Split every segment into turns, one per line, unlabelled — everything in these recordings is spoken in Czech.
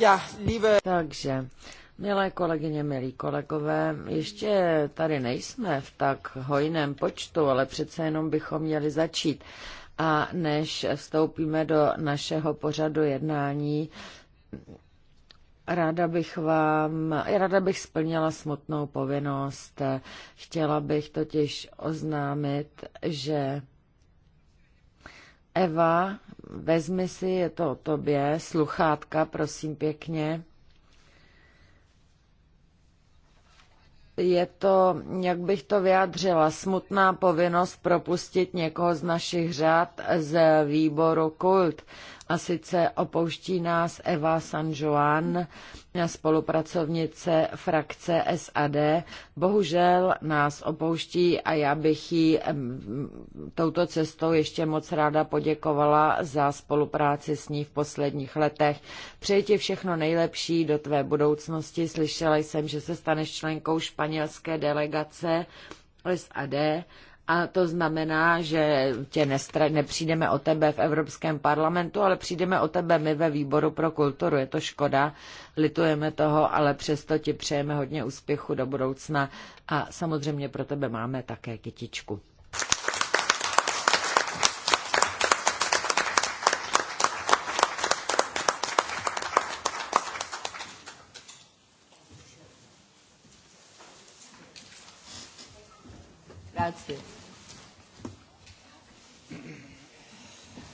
Ja, liebe... Takže, milé kolegyně, milí kolegové, ještě tady nejsme v tak hojném počtu, ale přece jenom bychom měli začít. A než vstoupíme do našeho pořadu jednání, Ráda bych vám, ráda bych splnila smutnou povinnost. Chtěla bych totiž oznámit, že Eva, vezmi si, je to o tobě, sluchátka, prosím pěkně. Je to, jak bych to vyjádřila, smutná povinnost propustit někoho z našich řád z výboru kult a sice opouští nás Eva San Joan, spolupracovnice frakce SAD. Bohužel nás opouští a já bych jí touto cestou ještě moc ráda poděkovala za spolupráci s ní v posledních letech. Přeji ti všechno nejlepší do tvé budoucnosti. Slyšela jsem, že se staneš členkou španělské delegace SAD a to znamená, že tě nestra- nepřijdeme o tebe v Evropském parlamentu, ale přijdeme o tebe my ve výboru pro kulturu. Je to škoda, litujeme toho, ale přesto ti přejeme hodně úspěchu do budoucna a samozřejmě pro tebe máme také kytičku.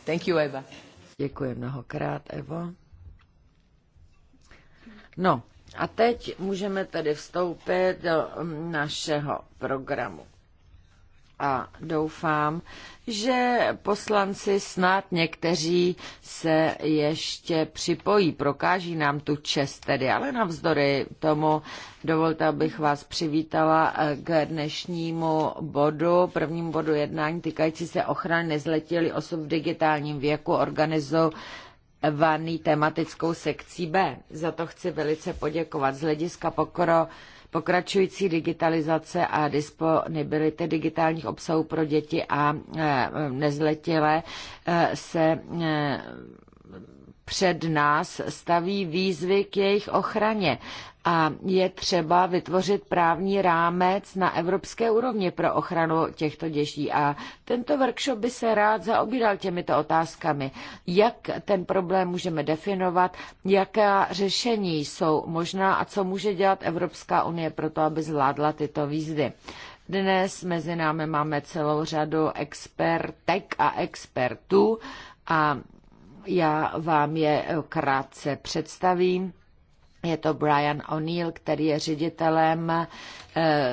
Thank you, Eva. Děkuji mnohokrát, Evo. No, a teď můžeme tedy vstoupit do mm, našeho programu. A doufám, že poslanci snad někteří se ještě připojí, prokáží nám tu čest tedy, ale navzdory tomu dovolte, abych vás přivítala eh, k dnešnímu bodu, Prvním bodu jednání týkající se ochrany nezletilých osob v digitálním věku organizou vaný tematickou sekcí B. Za to chci velice poděkovat. Z hlediska pokro pokračující digitalizace a disponibility digitálních obsahů pro děti a e, nezletilé e, se e, před nás staví výzvy k jejich ochraně a je třeba vytvořit právní rámec na evropské úrovni pro ochranu těchto dětí. A tento workshop by se rád zaobíral těmito otázkami. Jak ten problém můžeme definovat, jaká řešení jsou možná a co může dělat Evropská unie pro to, aby zvládla tyto výzvy. Dnes mezi námi máme celou řadu expertek a expertů a já vám je krátce představím. Je to Brian O'Neill, který je ředitelem eh,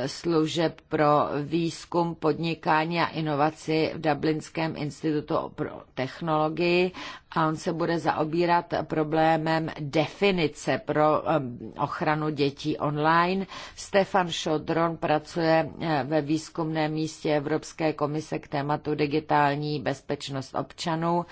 služeb pro výzkum, podnikání a inovaci v Dublinském institutu pro technologii a on se bude zaobírat problémem definice pro ochranu dětí online. Stefan Šodron pracuje eh, ve výzkumném místě Evropské komise k tématu digitální bezpečnost občanů.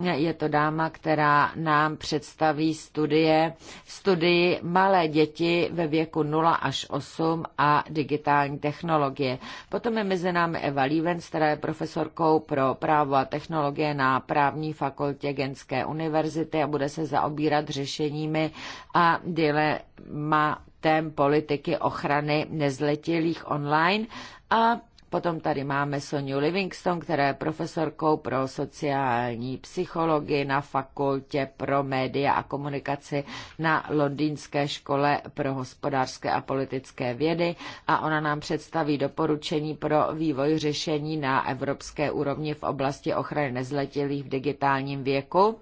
Je to dáma, která nám představí studie, studii malé děti ve věku 0 až 8 a digitální technologie. Potom je mezi námi Eva Lívenc, která je profesorkou pro právo a technologie na právní fakultě Vídeňské univerzity a bude se zaobírat řešeními a dilematem politiky ochrany nezletilých online a Potom tady máme Soniu Livingston, která je profesorkou pro sociální psychologii na fakultě pro média a komunikaci na Londýnské škole pro hospodářské a politické vědy a ona nám představí doporučení pro vývoj řešení na evropské úrovni v oblasti ochrany nezletilých v digitálním věku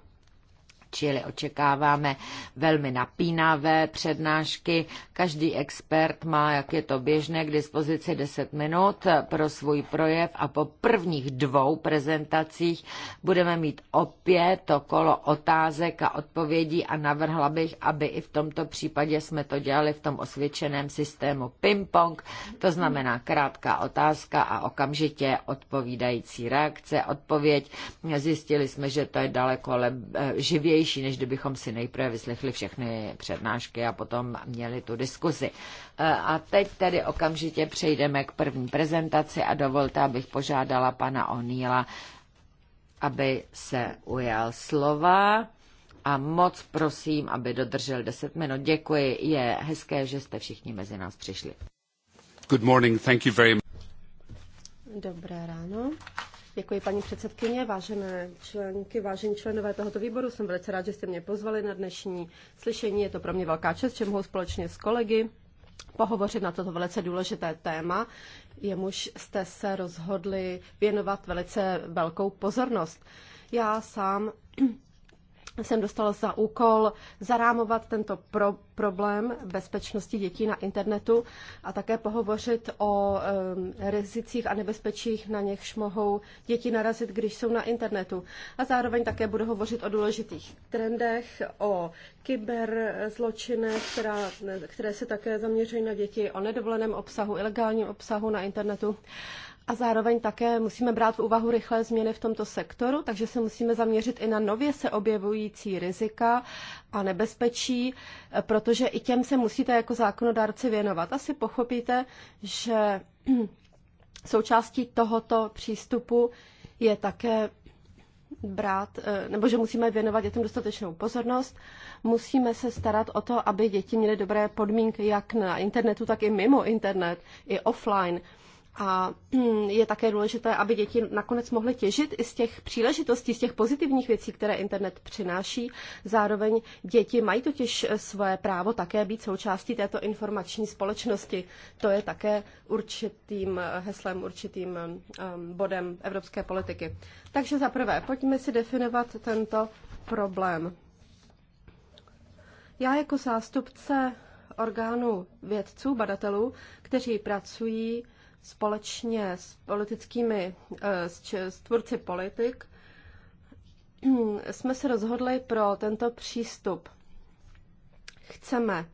čili očekáváme velmi napínavé přednášky. Každý expert má, jak je to běžné, k dispozici 10 minut pro svůj projev a po prvních dvou prezentacích budeme mít opět to kolo otázek a odpovědí a navrhla bych, aby i v tomto případě jsme to dělali v tom osvědčeném systému ping-pong, to znamená krátká otázka a okamžitě odpovídající reakce, odpověď. Zjistili jsme, že to je daleko eh, živější moudřejší, než kdybychom si nejprve vyslechli všechny přednášky a potom měli tu diskuzi. E, a teď tedy okamžitě přejdeme k první prezentaci a dovolte, abych požádala pana Oníla, aby se ujal slova a moc prosím, aby dodržel 10 minut. Děkuji, je hezké, že jste všichni mezi nás přišli.
Good morning, thank you very much.
Dobré ráno. Děkuji paní předsedkyně, vážené členky, vážení členové tohoto výboru. Jsem velice rád, že jste mě pozvali na dnešní slyšení. Je to pro mě velká čest, že mohu společně s kolegy pohovořit na toto velice důležité téma, jemuž jste se rozhodli věnovat velice velkou pozornost. Já sám jsem dostala za úkol zarámovat tento pro- problém bezpečnosti dětí na internetu a také pohovořit o um, rizicích a nebezpečích, na něchž mohou děti narazit, když jsou na internetu. A zároveň také budu hovořit o důležitých trendech, o kyberzločinech, které se také zaměřují na děti, o nedovoleném obsahu, ilegálním obsahu na internetu a zároveň také musíme brát v úvahu rychlé změny v tomto sektoru, takže se musíme zaměřit i na nově se objevující rizika a nebezpečí, protože i těm se musíte jako zákonodárci věnovat. Asi pochopíte, že součástí tohoto přístupu je také brát, eh, nebo že musíme věnovat dětem dostatečnou pozornost, musíme se starat o to, aby děti měly dobré podmínky jak na internetu, tak i mimo internet, i offline. A hm, je také důležité, aby děti nakonec mohly těžit i z těch příležitostí, z těch pozitivních věcí, které internet přináší. Zároveň děti mají totiž eh, své právo také být součástí této informační společnosti. To je také určitým eh, heslem, určitým eh, bodem evropské politiky. Takže za prvé, pojďme si definovat tento problém. Já jako zástupce orgánů vědců, badatelů, kteří pracují společně s politickými, eh, s, s tvůrci politik, jsme se rozhodli pro tento přístup. Chceme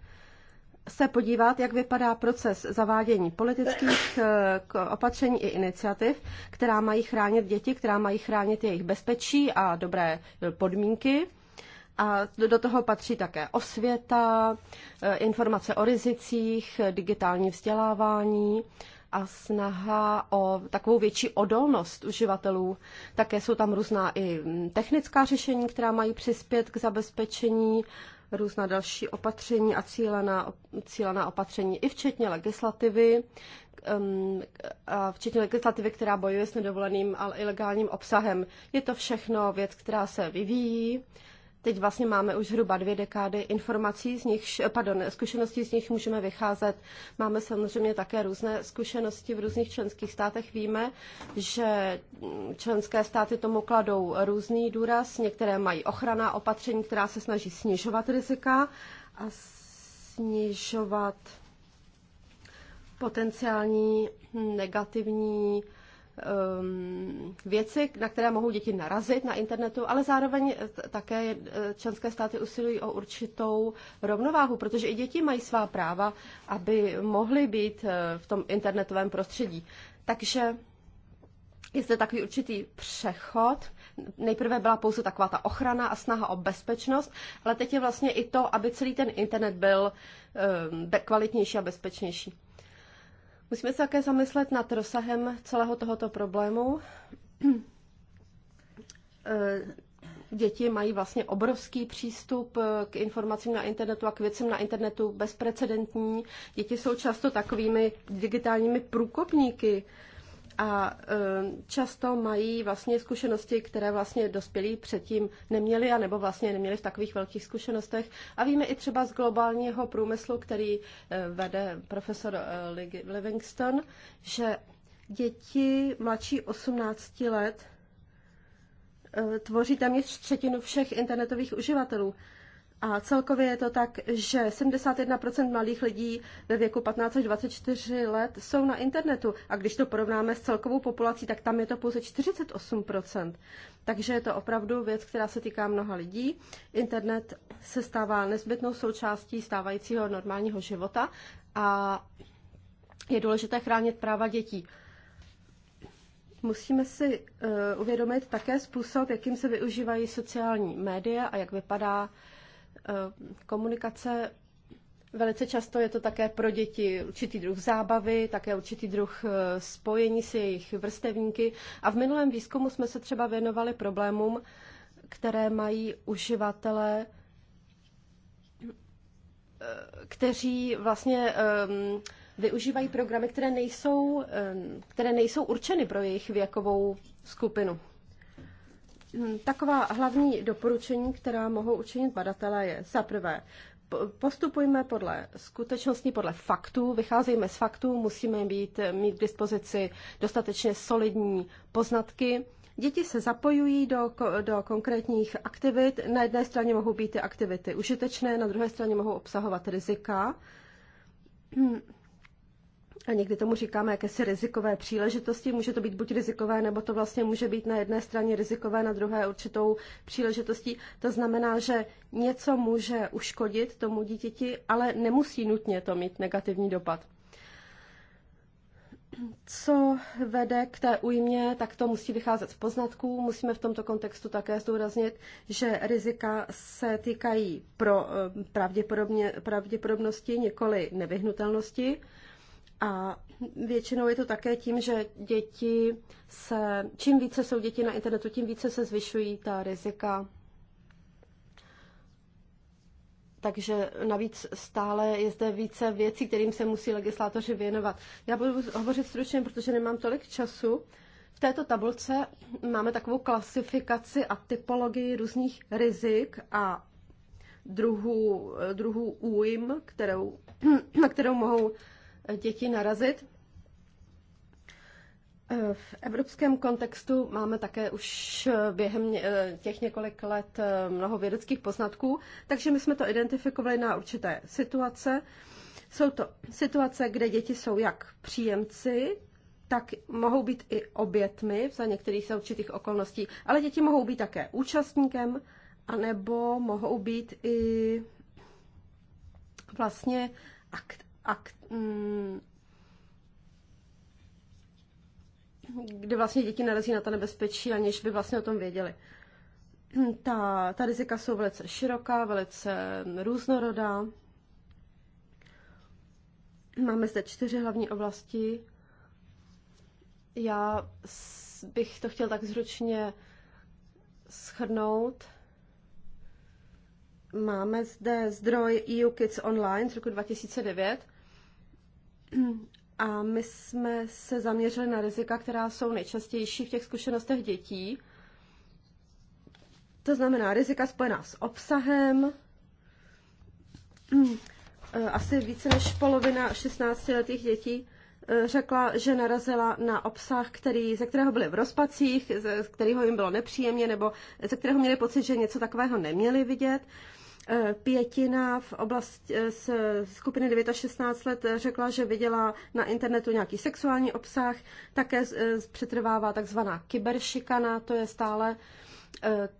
se podívat, jak vypadá proces zavádění politických eh, opatření i iniciativ, která mají chránit děti, která mají chránit jejich bezpečí a dobré eh, podmínky. A do toho patří také osvěta, informace o rizicích, digitální vzdělávání a snaha o takovou větší odolnost uživatelů. Také jsou tam různá i mm, technická řešení, která mají přispět k zabezpečení, různá další opatření a cílená, cílená opatření, i včetně legislativy, um, včetně legislativy, která bojuje s nedovoleným, ale ilegálním obsahem. Je to všechno věc, která se vyvíjí Teď vlastně máme už hruba dvě dekády informací, z nich, pardon, zkušeností z nich můžeme vycházet. Máme samozřejmě také různé zkušenosti v různých členských státech. Víme, že členské státy tomu kladou různý důraz. Některé mají ochrana opatření, která se snaží snižovat rizika a snižovat potenciální negativní Ehm, věci, na které mohou děti narazit na internetu, ale zároveň eh, také eh, členské státy usilují o určitou rovnováhu, protože i děti mají svá práva, aby mohly být eh, v tom internetovém prostředí. Takže je zde takový určitý přechod. Nejprve byla pouze taková ta ochrana a snaha o bezpečnost, ale teď je vlastně i to, aby celý ten internet byl ehm, kvalitnější a bezpečnější. Musíme se také zamyslet nad rozsahem celého tohoto problému. Eh, děti mají vlastně obrovský přístup eh, k informacím na internetu a k věcem na internetu bezprecedentní. Děti jsou často takovými digitálními průkopníky a e, často mají vlastně zkušenosti, které vlastně dospělí předtím neměli, a nebo vlastně neměli v takových velkých zkušenostech. A víme i třeba z globálního průmyslu, který e, vede profesor e, Livingston, že děti mladší 18 let tvoří téměř třetinu všech internetových uživatelů. A celkově je to tak, že 71% mladých lidí ve věku 15 až 24 let jsou na internetu. A když to porovnáme s celkovou populací, tak tam je to pouze 48%. Takže je to opravdu věc, která se týká mnoha lidí. Internet se stává nezbytnou součástí stávajícího normálního života a je důležité chránit práva dětí. Musíme si uh, uvědomit také způsob, jakým se využívají sociální média a jak vypadá uh, Eh, komunikace Velice často je to také pro děti určitý druh zábavy, také určitý druh eh, spojení si jejich vrstevníky. A v minulém výzkumu jsme se třeba věnovali problémům, které mají uživatelé, eh, kteří vlastně ehm, využívají programy, které nejsou, ehm, které nejsou určeny pro jejich věkovou skupinu. Hm, taková hlavní doporučení, která mohou učinit badatelé, je za prvé, postupujme podle skutečnosti, podle faktů, vycházejme z faktů, musíme být, mít k dispozici dostatečně solidní poznatky. Děti se zapojují do, do konkrétních aktivit. Na jedné straně mohou být ty aktivity užitečné, na druhé straně mohou obsahovat rizika. Hm, a někdy tomu říkáme jakési rizikové příležitosti. Může to být buď rizikové, nebo to vlastně může být na jedné straně rizikové, na druhé určitou příležitostí. To znamená, že něco může uškodit tomu dítěti, ale nemusí nutně to mít negativní dopad. Co vede k té újmě, tak to musí vycházet z poznatků. Musíme v tomto kontextu také zdůraznit, že rizika se týkají pro eh, pravděpodobně, pravděpodobnosti, nikoli nevyhnutelnosti. A většinou je to také tím, že děti se, čím více jsou děti na internetu, tím více se zvyšují ta rizika. Takže navíc stále je zde více věcí, kterým se musí legislátoři věnovat. Já budu hovořit stručně, protože nemám tolik času. V této tabulce máme takovou klasifikaci a typologii různých rizik a druhů, druhů újm, kterou, na kterou mohou Děti narazit. V evropském kontextu máme také už během těch několik let eh, mnoho vědeckých poznatků, takže my jsme to identifikovali na určité situace. Jsou to situace, kde děti jsou jak příjemci, tak mohou být i obětmi za některých se určitých okolností, ale děti mohou být také účastníkem, anebo mohou být i vlastně akt, ak, mm, kdy vlastně děti narazí na to nebezpečí, aniž by vlastně o tom věděli. Ta, ta rizika jsou velice široká, velice různorodá. Máme zde čtyři hlavní oblasti. Já bych to chtěl tak zručně schrnout. Máme zde zdroj EU Kids Online z roku 2009. A my jsme se zaměřili na rizika, která jsou nejčastější v těch zkušenostech dětí. To znamená rizika spojená s obsahem. Mm, eh, asi více než polovina 16-letých dětí eh, řekla, že narazila na obsah, který, ze kterého byly v rozpacích, ze kterého jim bylo nepříjemně, nebo ze kterého měli pocit, že něco takového neměli vidět. Eh, pětina v oblasti z eh, skupiny 9 až 16 let řekla, že viděla na internetu nějaký sexuální obsah, také eh, přetrvává takzvaná kyberšikana, to je stále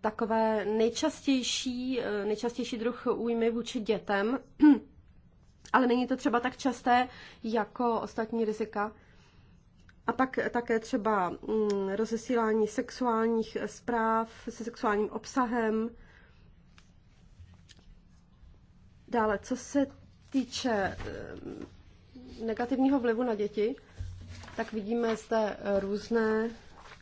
takové nejčastější, nejčastější druh újmy vůči dětem, ale není to třeba tak časté jako ostatní rizika. A pak také třeba mm, rozesílání sexuálních zpráv se sexuálním obsahem, Dále, co se týče eh, negativního vlivu na děti, tak vidíme zde eh, různé,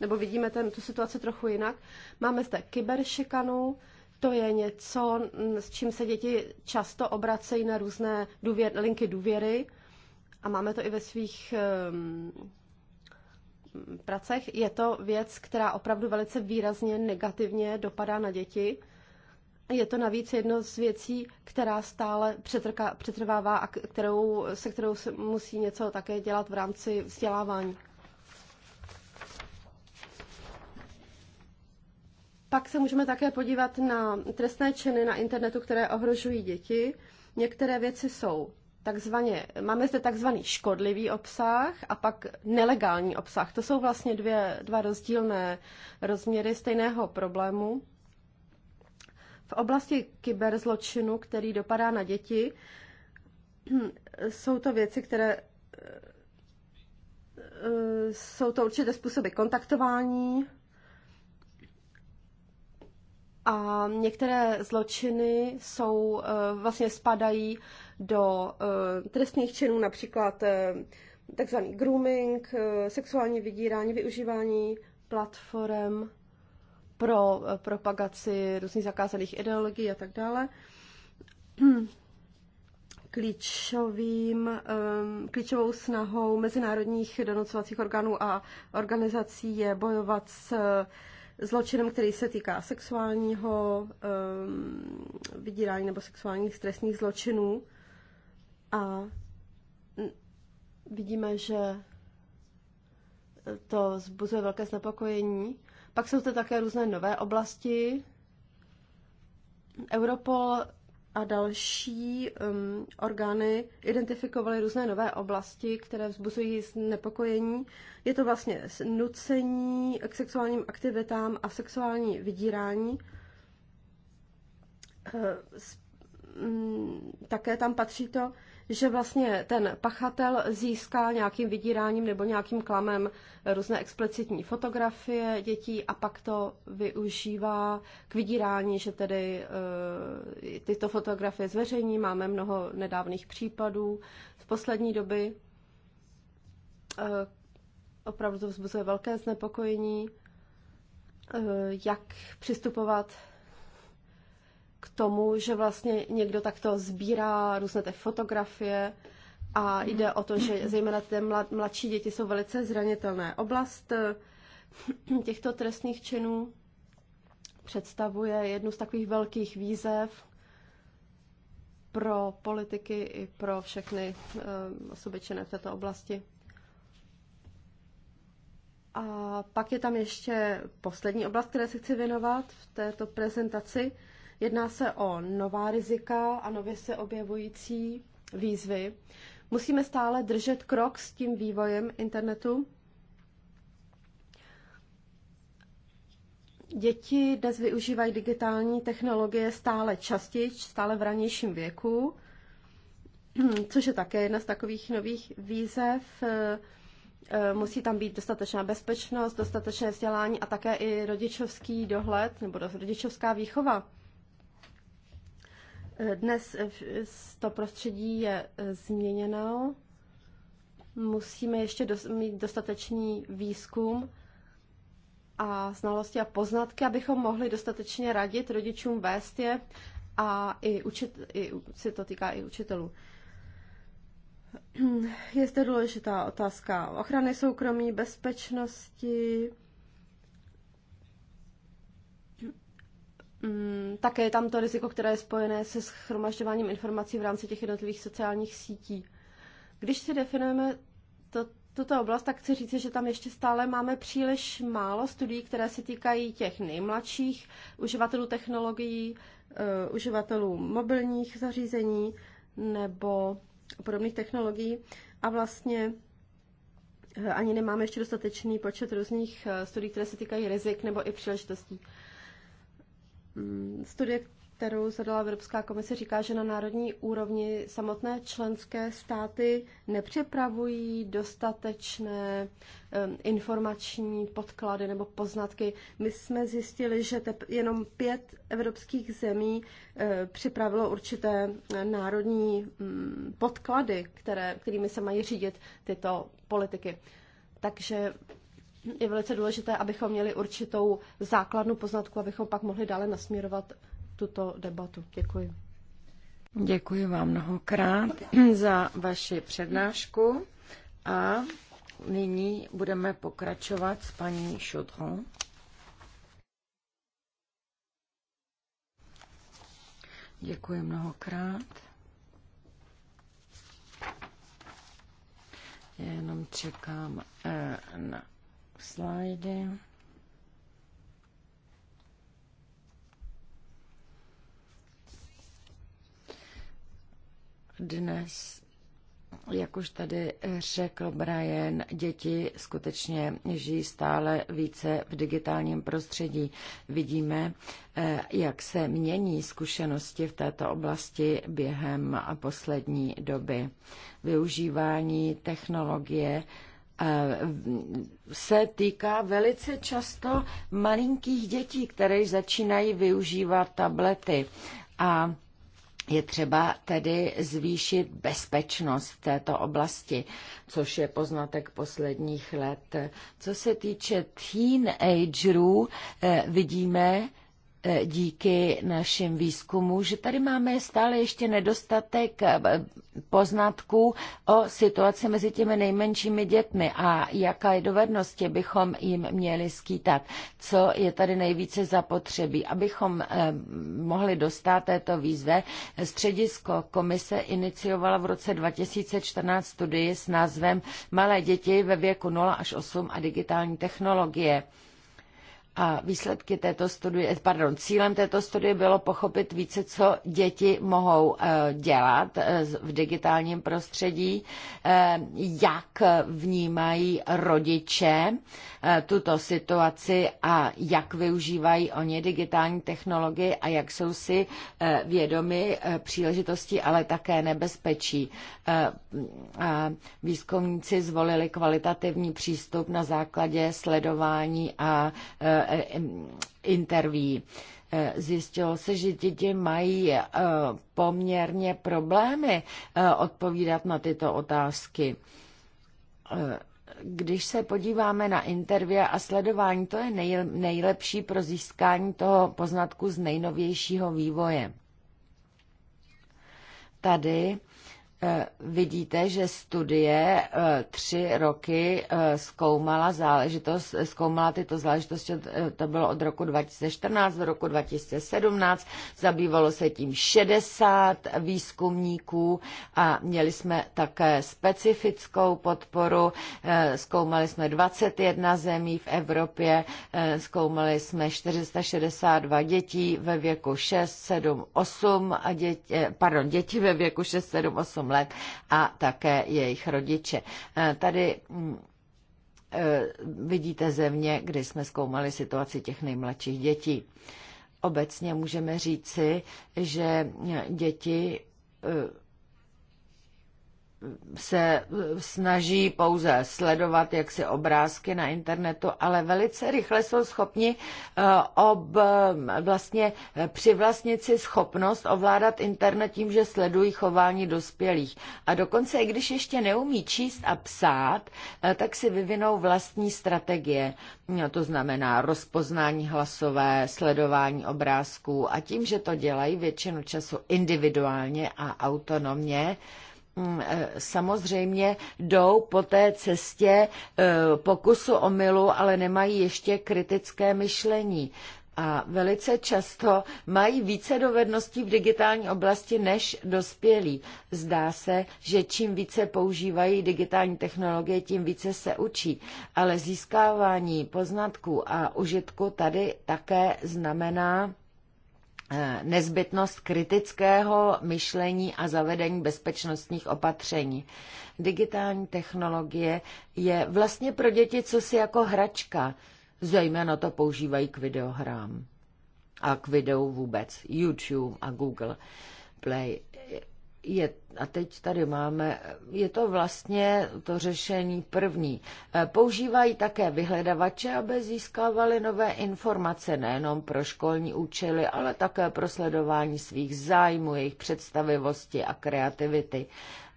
nebo vidíme ten, tu situaci trochu jinak. Máme zde kyberšikanu, to je něco, mm, s čím se děti často obracejí na různé důvěr, linky důvěry a máme to i ve svých um, pracech. Je to věc, která opravdu velice výrazně negativně dopadá na děti. Je to navíc jedno z věcí, která stále přetrká, přetrvává a kterou, se kterou se musí něco také dělat v rámci vzdělávání. Pak se můžeme také podívat na trestné činy na internetu, které ohrožují děti. Některé věci jsou takzvaně, máme zde takzvaný škodlivý obsah a pak nelegální obsah. To jsou vlastně dvě, dva rozdílné rozměry stejného problému. V oblasti kyberzločinu, který dopadá na děti, jsou to věci, které eh, jsou to určité způsoby kontaktování a některé zločiny jsou, eh, vlastně spadají do eh, trestných činů, například takzvaný grooming, sexuální vydírání, využívání platform pro propagaci různých zakázaných ideologií a tak dále. Klíčovým, klíčovou snahou mezinárodních donocovacích orgánů a organizací je bojovat s zločinem, který se týká sexuálního vydírání nebo sexuálních trestných zločinů. A vidíme, že to zbuzuje velké znepokojení. Pak jsou to také různé nové oblasti. Europol a další um, orgány identifikovaly různé nové oblasti, které vzbuzují znepokojení. Je to vlastně nucení k sexuálním aktivitám a sexuální vydírání. Eh, s, mm, také tam patří to, že vlastně ten pachatel získal nějakým vydíráním nebo nějakým klamem různé explicitní fotografie dětí a pak to využívá k vydírání, že tedy e, tyto fotografie zveřejní. Máme mnoho nedávných případů z poslední doby. E, opravdu to vzbuzuje velké znepokojení, e, jak přistupovat k tomu, že vlastně někdo takto sbírá různé ty fotografie a jde o to, že zejména ty mladší děti jsou velice zranitelné. Oblast eh, těchto trestných činů představuje jednu z takových velkých výzev pro politiky i pro všechny eh, osoby činné v této oblasti. A pak je tam ještě poslední oblast, které se chci věnovat v této prezentaci, Jedná se o nová rizika a nově se objevující výzvy. Musíme stále držet krok s tím vývojem internetu. Děti dnes využívají digitální technologie stále častěji, stále v ranějším věku, což je také jedna z takových nových výzev. Eh, musí tam být dostatečná bezpečnost, dostatečné vzdělání a také i rodičovský dohled nebo rodičovská výchova. Dnes to prostředí je eh, změněno. Musíme ještě dos- mít dostatečný výzkum a znalosti a poznatky, abychom mohli dostatečně radit rodičům, vést je a i, učit, i se to týká i učitelů. Je zde důležitá otázka ochrany soukromí, bezpečnosti, Mm, také je tam to riziko, které je spojené se schromažďováním informací v rámci těch jednotlivých sociálních sítí. Když si definujeme to, tuto oblast, tak chci říct, že tam ještě stále máme příliš málo studií, které se týkají těch nejmladších uživatelů technologií, uh, uživatelů mobilních zařízení nebo podobných technologií. A vlastně eh, ani nemáme ještě dostatečný počet různých eh, studií, které se týkají rizik nebo i příležitostí. Uh, Studie, kterou zadala Evropská komise, říká, že na národní úrovni samotné členské státy nepřipravují dostatečné informační podklady nebo poznatky. My jsme zjistili, že jenom pět evropských zemí eh, připravilo určité eh, národní mm, podklady, které, kterými se mají řídit tyto politiky. Takže je velice důležité, abychom měli určitou základnu poznatku, abychom pak mohli dále nasměrovat tuto debatu. Děkuji.
Děkuji vám mnohokrát za vaši přednášku a nyní budeme pokračovat s paní Chaudron. Děkuji mnohokrát. Já jenom čekám eh, na slajdy. Dnes, jak už tady řekl Brian, děti skutečně žijí stále více v digitálním prostředí. Vidíme, eh, jak se mění zkušenosti v této oblasti během poslední doby. Využívání technologie Eh, se týká velice často malinkých dětí, které začínají využívat tablety. A je třeba tedy zvýšit bezpečnost v této oblasti, což je poznatek posledních let. Co se týče teenagerů, eh, vidíme, E, díky našim výzkumu, že tady máme stále ještě nedostatek e, poznatků o situaci mezi těmi nejmenšími dětmi a jaké dovednosti bychom jim měli skýtat, co je tady nejvíce zapotřebí. Abychom e, mohli dostat této výzve, středisko komise iniciovala v roce 2014 studii s názvem Malé děti ve věku 0 až 8 a digitální technologie. A výsledky této studie, pardon, cílem této studie bylo pochopit více, co děti mohou eh, dělat eh, v digitálním prostředí, eh, jak vnímají rodiče tuto situaci a jak využívají oni digitální technologie a jak jsou si vědomi příležitostí, ale také nebezpečí. Výzkumníci zvolili kvalitativní přístup na základě sledování a Eh, interví. Eh, zjistilo se, že děti mají eh, poměrně problémy odpovídat na tyto otázky když se podíváme na intervě a sledování, to je nejlepší pro získání toho poznatku z nejnovějšího vývoje. Tady Eh, vidíte, že studie eh, tři roky eh, zkoumala záležitost, zkoumala tyto záležitosti, to bylo od roku 2014 do roku 2017, zabývalo se tím 60 výzkumníků a měli jsme také specifickou podporu, zkoumali jsme 21 zemí v Evropě, zkoumali jsme 462 dětí ve věku 6, 7, 8 a děti, pardon, děti ve věku 6, 7, 8 let a také jejich rodiče. E, tady mm, e, vidíte země, kdy jsme zkoumali situaci těch nejmladších dětí. Obecně můžeme říci, že děti e, se eh, snaží pouze sledovat jaksi obrázky na internetu, ale velice rychle jsou schopni eh, ob, eh, vlastně přivlastnit si schopnost ovládat internet tím, že sledují chování dospělých. A dokonce, i když ještě neumí číst a psát, tak si vyvinou vlastní strategie. No, to znamená rozpoznání hlasové, sledování obrázků a tím, že to dělají většinu času individuálně a autonomně, Mm, eh, samozřejmě jdou po té cestě eh, pokusu o milu, ale nemají ještě kritické myšlení. A velice často mají více dovedností v digitální oblasti než dospělí. Zdá se, že čím více používají digitální technologie, tím více se učí. Ale získávání poznatků a užitku tady také znamená Eh, nezbytnost kritického myšlení a zavedení bezpečnostních opatření. Digitální technologie je vlastně pro děti co si jako hračka, zejména to používají k videohrám a k videu vůbec, YouTube a Google Play je, a teď tady máme, je to vlastně to řešení první. Eh, používají také vyhledavače, aby získávali nové informace nejenom pro školní účely, ale také pro sledování svých zájmů, jejich představivosti a kreativity.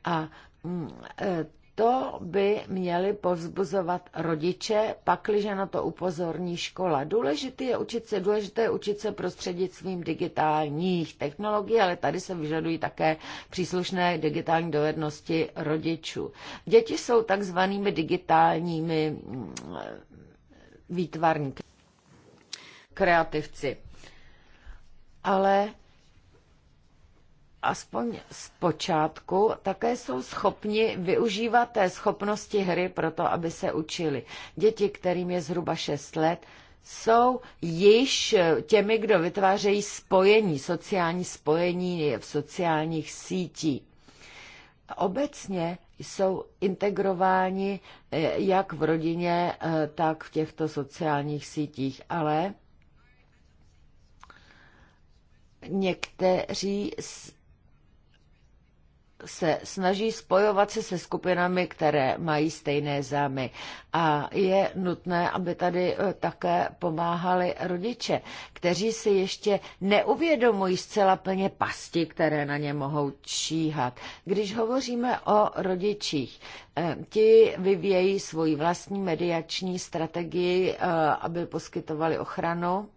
A mm, eh, to by měli povzbuzovat rodiče, pakliže na to upozorní škola. Důležité je učit se, důležité je učit se prostřednictvím digitálních technologií, ale tady se vyžadují také příslušné digitální dovednosti rodičů. Děti jsou takzvanými digitálními mm, výtvarníky, kreativci. Ale aspoň z počátku také jsou schopni využívat té schopnosti hry pro to, aby se učili. Děti, kterým je zhruba 6 let, jsou již těmi, kdo vytvářejí spojení, sociální spojení v sociálních sítích. Obecně jsou integrováni eh, jak v rodině, eh, tak v těchto sociálních sítích, ale někteří se snaží spojovat se se skupinami, které mají stejné zájmy. A je nutné, aby tady eh, také pomáhali rodiče, kteří si ještě neuvědomují zcela plně pasti, které na ně mohou číhat. Když hovoříme o rodičích, eh, ti vyvíjejí svoji vlastní mediační strategii, eh, aby poskytovali ochranu,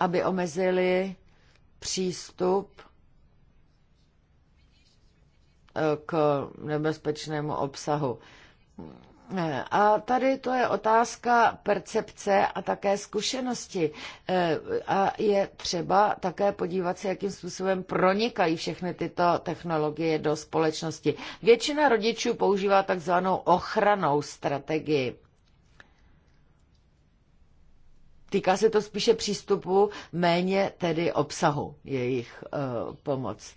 aby omezili přístup k nebezpečnému obsahu. A tady to je otázka percepce a také zkušenosti. E, a je třeba také podívat se, jakým způsobem pronikají všechny tyto technologie do společnosti. Většina rodičů používá takzvanou ochranou strategii. Týká se to spíše přístupu, méně tedy obsahu jejich uh, pomoc.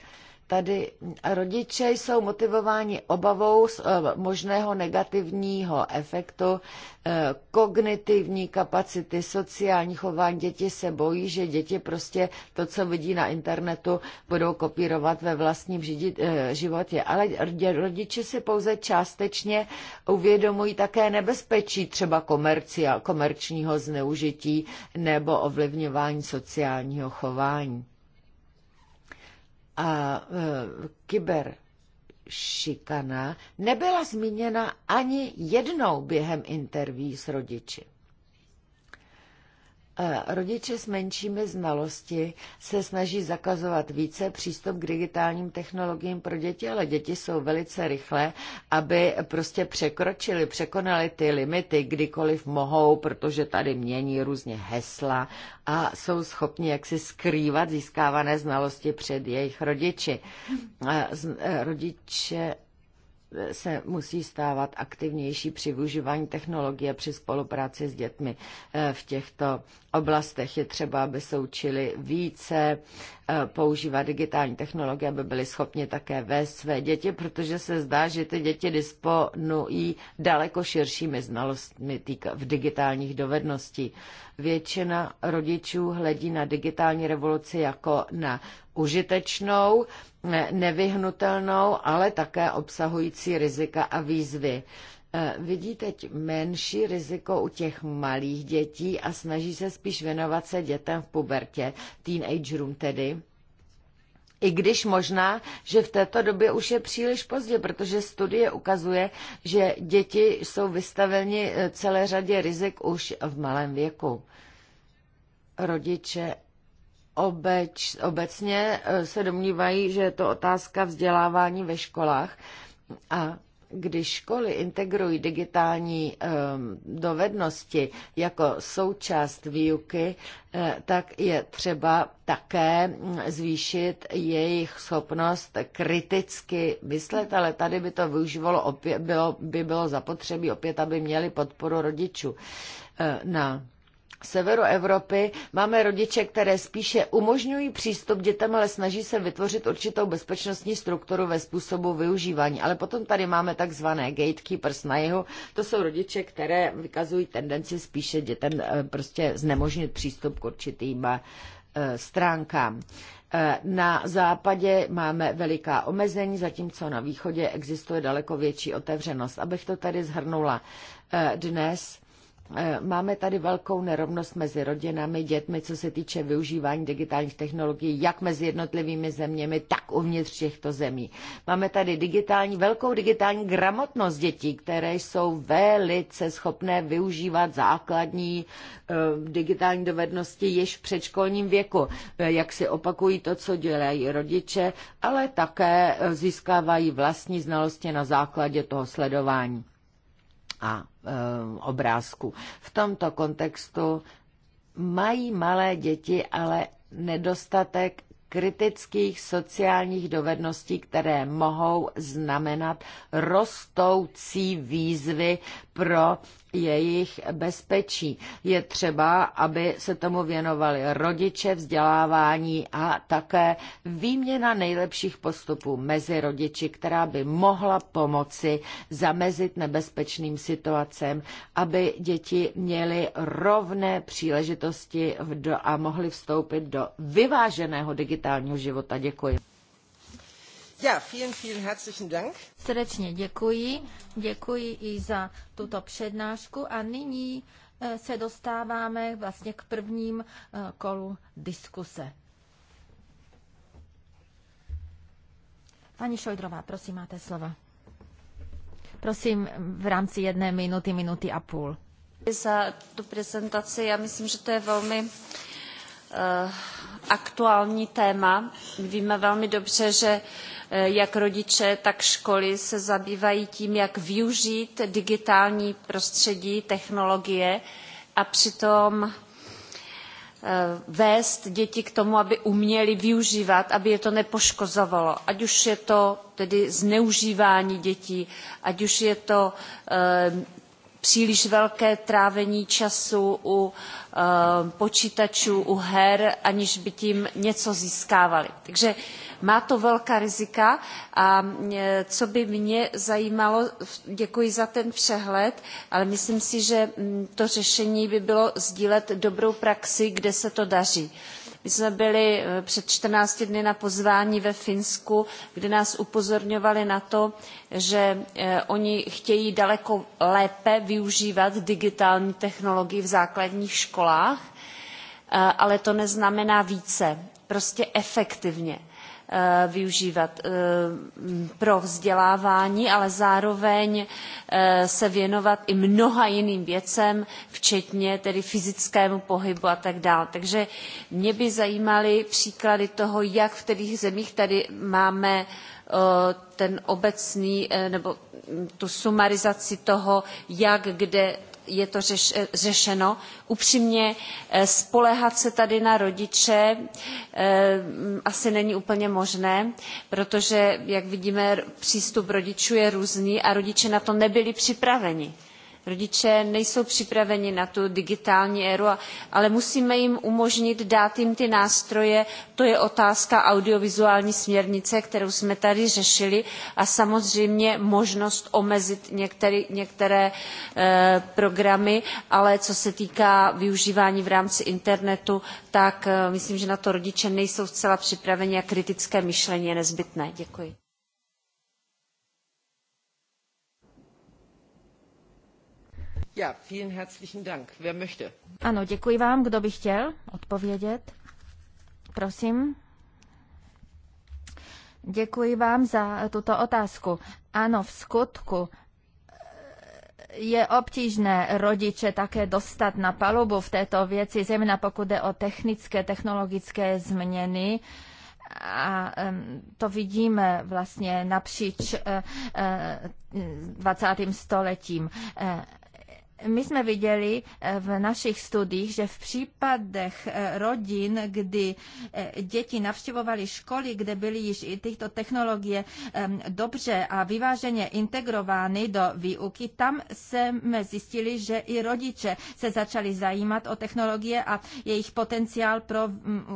Tady rodiče jsou motivováni obavou z eh, možného negativního efektu. Eh, kognitivní kapacity, sociální chování děti se bojí, že děti prostě to, co vidí na internetu, budou kopírovat ve vlastním eh, životě. Ale rodiče si pouze částečně uvědomují také nebezpečí třeba komercia, komerčního zneužití nebo ovlivňování sociálního chování a e, kyber šikana nebyla zmíněna ani jednou během interví s rodiči. Rodiče s menšími znalosti se snaží zakazovat více přístup k digitálním technologiím pro děti, ale děti jsou velice rychlé, aby prostě překročili, překonali ty limity, kdykoliv mohou, protože tady mění různě hesla a jsou schopni jaksi skrývat získávané znalosti před jejich rodiči. Rodiče se musí stávat aktivnější při využívání technologie při spolupráci s dětmi eh, v těchto oblastech. Je třeba, aby se učili více eh, používat digitální technologie, aby byli schopni také vést své děti, protože se zdá, že ty děti disponují daleko širšími znalostmi v digitálních dovedností. Většina rodičů hledí na digitální revoluci jako na užitečnou, nevyhnutelnou, ale také obsahující rizika a výzvy. E, vidí teď menší riziko u těch malých dětí a snaží se spíš věnovat se dětem v pubertě, teenagerům tedy. I když možná, že v této době už je příliš pozdě, protože studie ukazuje, že děti jsou vystaveni e, celé řadě rizik už v malém věku. Rodiče obeč, obecně eh, se domnívají, že je to otázka vzdělávání ve školách. A když školy integrují digitální ehm, dovednosti jako součást výuky, eh, tak je třeba také mm, zvýšit jejich schopnost kriticky myslet, ale tady by to využívalo opět, bylo, by bylo zapotřebí opět, aby měli podporu rodičů eh, na severu Evropy máme rodiče, které spíše umožňují přístup dětem, ale snaží se vytvořit určitou bezpečnostní strukturu ve způsobu využívání. Ale potom tady máme takzvané gatekeepers na jihu. To jsou rodiče, které vykazují tendenci spíše dětem eh, prostě znemožnit přístup k určitým eh, stránkám. Eh, na západě máme veliká omezení, zatímco na východě existuje daleko větší otevřenost. Abych to tady zhrnula dnes, Eh, máme tady velkou nerovnost mezi rodinami, dětmi, co se týče využívání digitálních technologií, jak mezi jednotlivými zeměmi, tak uvnitř těchto zemí. Máme tady digitální, velkou digitální gramotnost dětí, které jsou velice schopné využívat základní eh, digitální dovednosti již v předškolním věku. Eh, jak si opakují to, co dělají rodiče, ale také získávají vlastní znalosti na základě toho sledování. A Eh, obrázku. V tomto kontextu mají malé děti ale nedostatek kritických sociálních dovedností, které mohou znamenat rostoucí výzvy pro jejich bezpečí. Je třeba, aby se tomu věnovali rodiče, vzdělávání a také výměna nejlepších postupů mezi rodiči, která by mohla pomoci zamezit nebezpečným situacem, aby děti měly rovné příležitosti a mohly vstoupit do vyváženého digitálního života. Děkuji.
Ja, vielen, vielen herzlichen Dank. Srdečně děkuji. Děkuji i za tuto přednášku a nyní eh, se dostáváme vlastně k prvním eh, kolu diskuse.
Pani Šojdrová, prosím, máte slova.
Prosím, v rámci jedné minuty, minuty a půl.
Za tu prezentaci, já myslím, že to je velmi Eh, aktuální téma. Víme velmi dobře, že eh, jak rodiče, tak školy se zabývají tím, jak využít digitální prostředí, technologie a přitom eh, vést děti k tomu, aby uměli využívat, aby je to nepoškozovalo. Ať už je to tedy zneužívání dětí, ať už je to příliš velké trávení času u eh, počítačů, u her, aniž by tím něco získávali. Takže má to velká rizika a eh, co by mě zajímalo, děkuji za ten přehled, ale myslím si, že mm, to řešení by bylo sdílet dobrou praxi, kde se to daří. My jsme byli eh, před 14 dny na pozvání ve Finsku, kde nás upozorňovali na to, že eh, oni chtějí daleko lépe využívat digitální technologii v základních školách, eh, ale to neznamená více, prostě efektivně Eh, využívat eh, pro vzdělávání, ale zároveň eh, se věnovat i mnoha jiným věcem, včetně tedy fyzickému pohybu a tak dále. Takže mě by zajímaly příklady toho, jak v kterých zemích tady máme ten obecný nebo tu sumarizaci toho, jak kde je to eh, řešeno. Upřímně eh, spolehat se tady na rodiče eh, mm, asi není úplně možné, protože, jak vidíme, přístup rodičů je různý a rodiče na to nebyli připraveni Rodiče nejsou připraveni na tu digitální éru, ale musíme jim umožnit, dát jim ty nástroje. To je otázka audiovizuální směrnice, kterou jsme tady řešili a samozřejmě možnost omezit některé, některé eh, programy, ale co se týká využívání v rámci internetu, tak eh, myslím, že na to rodiče nejsou zcela připraveni a kritické myšlení je nezbytné. Děkuji.
Ja, vielen herzlichen Dank. Wer möchte?
Ano, děkuji vám. Kdo by chtěl odpovědět? Prosím. Děkuji vám za tuto otázku. Ano, v skutku eh, je obtížné rodiče také dostat na palubu v této věci, zejména pokud jde o technické, technologické změny. A to vidíme vlastně napříč 20. Eh, eh, stoletím. My jsme viděli eh, v našich studiích, že v případech eh, rodin, kdy eh, děti navštěvovaly školy, kde byly již i tyto technologie dobře a vyváženě integrovány do výuky, tam jsme zjistili, že i rodiče se začali zajímat o technologie a jejich potenciál pro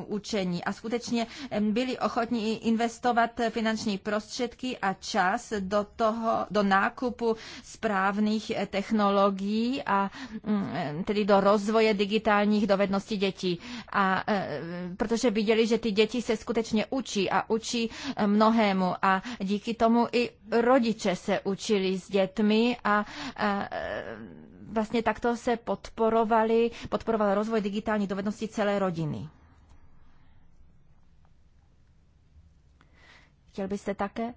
učení. A skutečně byli ochotní investovat finanční prostředky a čas do toho, do nákupu správných technologií a mm, tedy do rozvoje digitálních dovedností dětí. A e, protože viděli, že ty děti se skutečně učí a učí e, mnohému a díky tomu i rodiče se učili s dětmi a, a e, vlastně takto se podporovali, podporoval rozvoj digitální dovednosti celé rodiny. Chtěl byste také?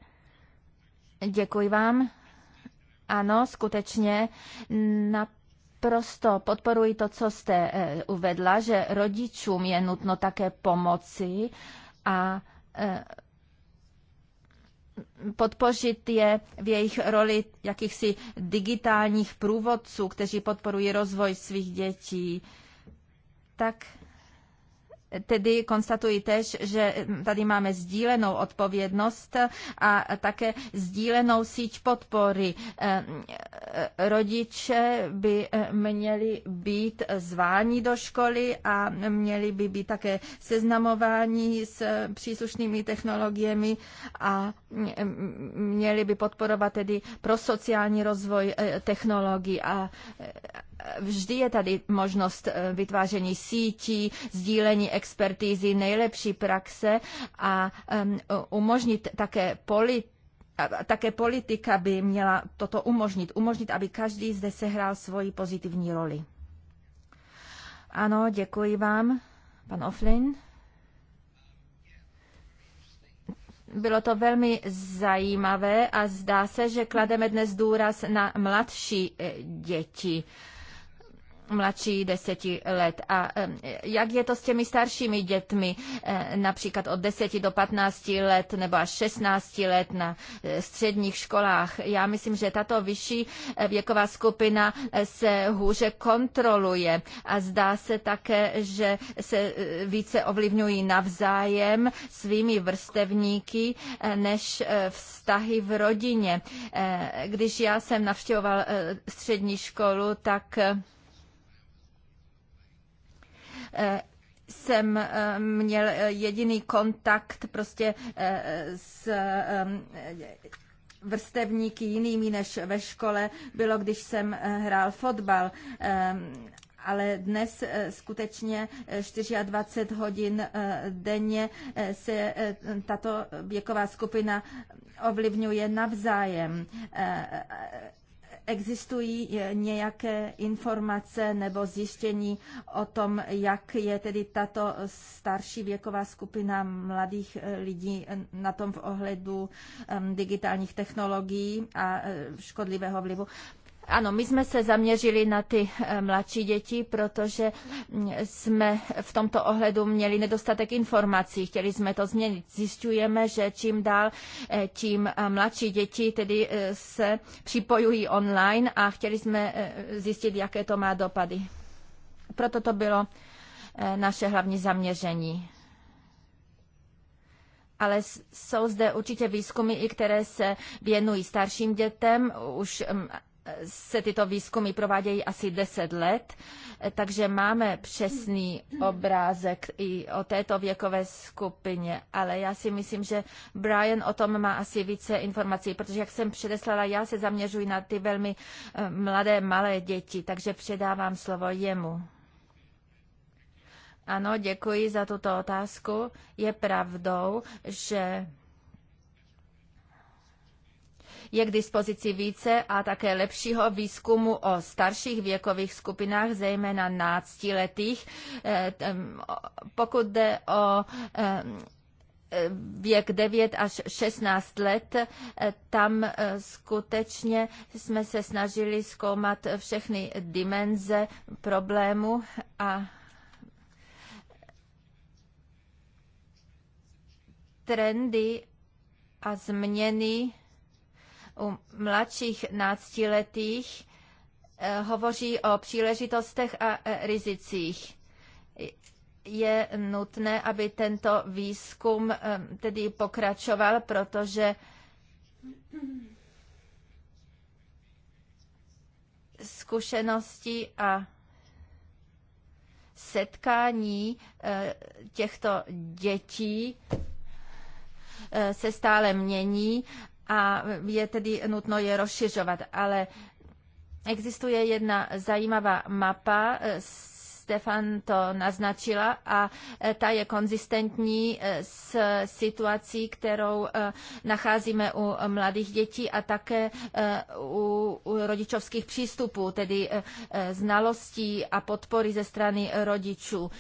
Děkuji vám. Ano, skutečně na Prosto podporuji to, co jste eh, uvedla, že rodičům je nutno také pomoci a eh, podpořit je v jejich roli jakýchsi digitálních průvodců, kteří podporují rozvoj svých dětí, tak Tedy konstatuji tež, že hm, tady máme sdílenou odpovědnost a také sdílenou síť podpory. Ehm, rodiče by eh, měli být zváni do školy a měli by být také seznamováni s eh, příslušnými technologiemi a hm, hm, měli by podporovat tedy pro sociální rozvoj eh, technologií a vždy je tady možnost eh, vytváření sítí, sdílení expertízy, nejlepší praxe a umožnit také A také politika by měla toto umožnit, umožnit, aby každý zde sehrál svoji pozitivní roli. Ano, děkuji vám, pan Oflin. Bylo to velmi zajímavé a zdá se, že klademe dnes důraz na mladší eh, děti mladší deseti let. A jak je to s těmi staršími dětmi, e, například od 10 do 15 let nebo až 16 let na e, středních školách? Já myslím, že tato vyšší e, věková skupina se hůře kontroluje a zdá se také, že se více ovlivňují navzájem svými vrstevníky než vztahy v rodině. Když já jsem navštěvoval střední školu, tak Eh, jsem eh, měl eh, jediný kontakt prostě s vrstevníky jinými než ve škole, bylo, když jsem hrál fotbal ale dnes skutečně 24 hodin denně se tato věková skupina ovlivňuje navzájem existují eh, nějaké informace nebo zjištění o tom, jak je tedy tato starší věková skupina mladých eh, lidí eh, na tom v ohledu digitálních technologií a škodlivého vlivu. Ano, my jsme se zaměřili na ty eh, mladší děti, protože jsme v tomto ohledu měli nedostatek informací, chtěli jsme to změnit. Zjišťujeme, že čím dál, eh, tím eh, mladší děti tedy se připojují online a chtěli jsme zjistit, jaké to má dopady. Proto to bylo naše hlavní zaměření ale jsou zde určitě výzkumy, i které se věnují starším dětem, už mm, se tyto výzkumy provádějí asi 10 let, takže máme přesný obrázek i o této věkové skupině, ale já si myslím, že Brian o tom má asi více informací, protože jak jsem předeslala, já se zaměřuji na ty velmi eh, mladé, malé děti, takže předávám slovo jemu. Ano, děkuji za tuto otázku. Je pravdou, že je k dispozici více a také lepšího výzkumu o starších věkových skupinách, zejména náctiletých. Eh, pokud jde o eh, věk 9 až 16 let, eh, tam skutečně jsme se snažili zkoumat všechny dimenze problému a trendy a změny u mladších náctiletých eh, hovoří o příležitostech a eh, rizicích. Je nutné, aby tento výzkum eh, tedy pokračoval, protože zkušenosti a setkání těchto dětí se stále mění a je tedy nutno je rozšiřovat. Ale existuje jedna zajímavá mapa eh, s Stefan to naznačila a e, ta je konzistentní e, s situací, kterou e, nacházíme u mladých dětí a také u, rodičovských přístupů, tedy znalostí a podpory ze strany rodičů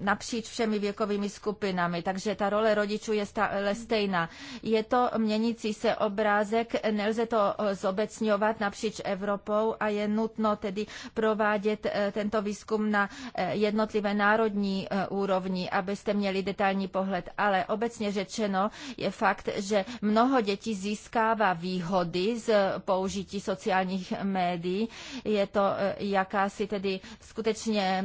napříč všemi věkovými skupinami. Takže ta role rodičů je stále stejná. Je to měnící se obrázek, nelze to zobecňovat napříč Evropou a je nutno tedy provádět tento výzkum na eh, jednotlivé národní eh, úrovni, abyste měli detailní pohled, ale obecně řečeno je fakt, že mnoho dětí získává výhody z eh, použití sociálních médií. Je to jakási tedy skutečně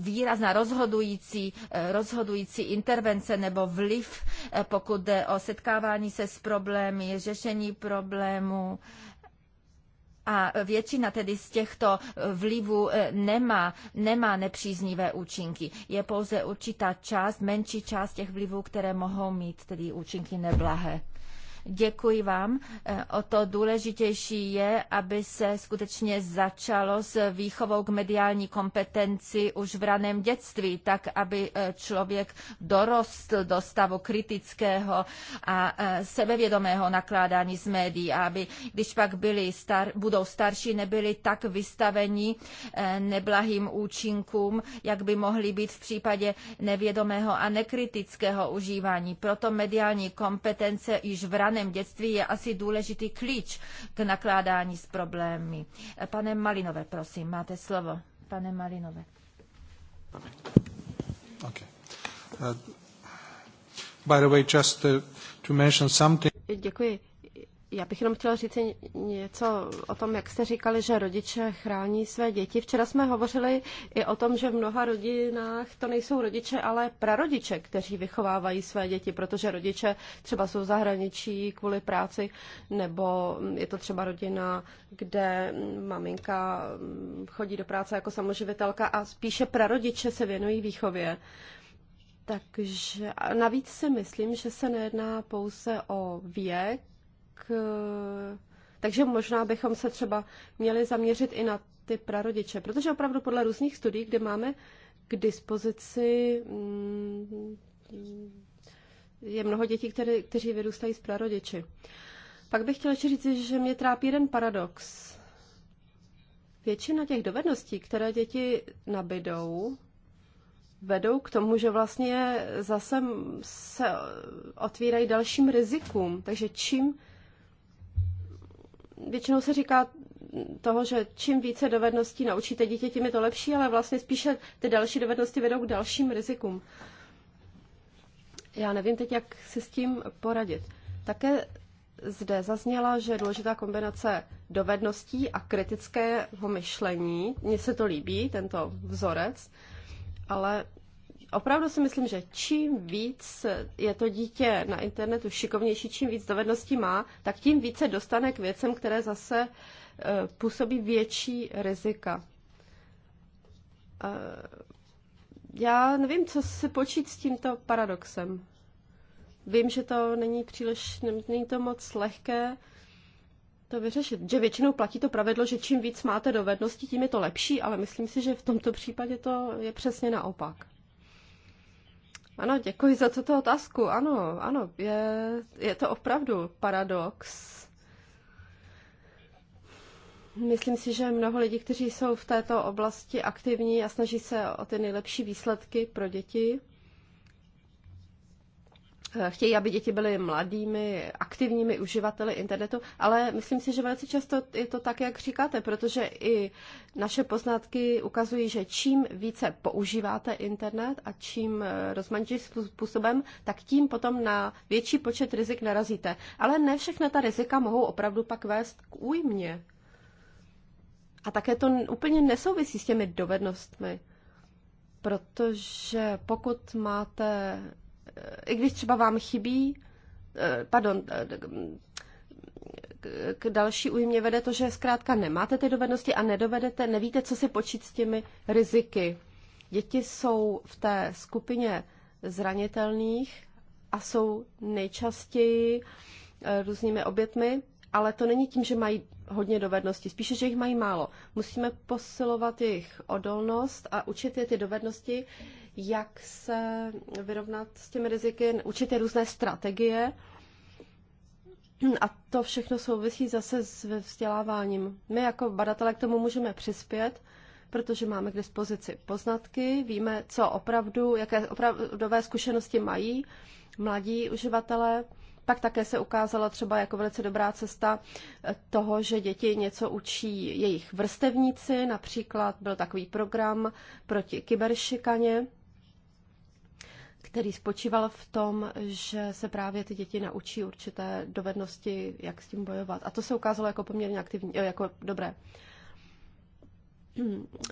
výrazná rozhodující, rozhodující intervence nebo vliv, pokud jde o setkávání se s problémy, řešení problémů, a většina tedy z těchto eh, vlivů eh, nemá, nemá nepříznivé účinky. Je pouze určitá část, menší část těch vlivů, které mohou mít tedy účinky neblahé. Děkuji vám. E, o to důležitější je, aby se skutečně začalo s výchovou k mediální kompetenci už v raném dětství, tak aby e, člověk dorostl do stavu kritického a e, sebevědomého nakládání s médií, aby když pak byli star, budou starší, nebyli tak vystaveni neblahým účinkům, jak by mohli být v případě nevědomého a nekritického užívání. Proto mediální kompetence již v raném raném dětství je asi důležitý klíč k nakládání s problémy. Pane Malinové, prosím, máte slovo. Pane Malinové.
Okay. Uh, by the way, just to, to mention something.
Děkuji. Já bych jenom chtěla říct něco o tom, jak jste říkali, že rodiče chrání své děti. Včera jsme hovořili i o tom, že v mnoha rodinách to nejsou rodiče, ale prarodiče, kteří vychovávají své děti, protože rodiče třeba jsou v zahraničí kvůli práci, nebo je to třeba rodina, kde maminka chodí do práce jako samoživitelka a spíše prarodiče se věnují výchově. Takže navíc si myslím, že se nejedná pouze o věk, tak, eh, takže možná bychom se třeba měli zaměřit i na ty prarodiče, protože opravdu podle různých studií, kde máme k dispozici, mm, je mnoho dětí, které, kteří vyrůstají s prarodiči. Pak bych chtěla ještě říct, že mě trápí jeden paradox. Většina těch dovedností, které děti nabydou, vedou k tomu, že vlastně zase se otvírají dalším rizikům. Takže čím většinou se říká toho, že čím více dovedností naučíte dítě, tím je to lepší, ale vlastně spíše ty další dovednosti vedou k dalším rizikům. Já nevím teď, jak si s tím poradit. Také zde zazněla, že důležitá kombinace dovedností a kritického myšlení. Mně se to líbí, tento vzorec, ale opravdu si myslím, že čím víc je to dítě na internetu šikovnější, čím víc dovedností má, tak tím více dostane k věcem, které zase e, působí větší rizika. E, já nevím, co si počít s tímto paradoxem. Vím, že to není příliš, není to moc lehké to vyřešit. Že většinou platí to pravidlo, že čím víc máte dovedností, tím je to lepší, ale myslím si, že v tomto případě to je přesně naopak. Ano, děkuji za tuto otázku. Ano, ano, je, je to opravdu paradox. Myslím si, že mnoho lidí, kteří jsou v této oblasti aktivní a snaží se o ty nejlepší výsledky pro děti, Eh, chtějí, aby děti byly mladými, aktivními uživateli internetu, ale myslím si, že velice často je to tak, jak říkáte, protože i naše poznatky ukazují, že čím více používáte internet a čím eh, rozmanitějším způsobem, tak tím potom na větší počet rizik narazíte. Ale ne všechna ta rizika mohou opravdu pak vést k újmě. A také to úplně nesouvisí s těmi dovednostmi. Protože pokud máte i když třeba vám chybí, eh, pardon, eh, k další újmě vede to, že zkrátka nemáte ty dovednosti a nedovedete, nevíte, co si počít s těmi riziky. Děti jsou v té skupině zranitelných a jsou nejčastěji eh, různými obětmi, ale to není tím, že mají hodně dovedností, spíše, že jich mají málo. Musíme posilovat jejich odolnost a učit je ty dovednosti, jak se vyrovnat s těmi riziky, určitě různé strategie. A to všechno souvisí zase s vzděláváním. My jako badatelé k tomu můžeme přispět, protože máme k dispozici poznatky, víme, co opravdu, jaké opravdové zkušenosti mají mladí uživatelé. Pak také se ukázala třeba jako velice dobrá cesta toho, že děti něco učí jejich vrstevníci. Například byl takový program proti kyberšikaně, který spočíval v tom, že se právě ty děti naučí určité dovednosti, jak s tím bojovat. A to se ukázalo jako poměrně aktivní, eh, jako dobré.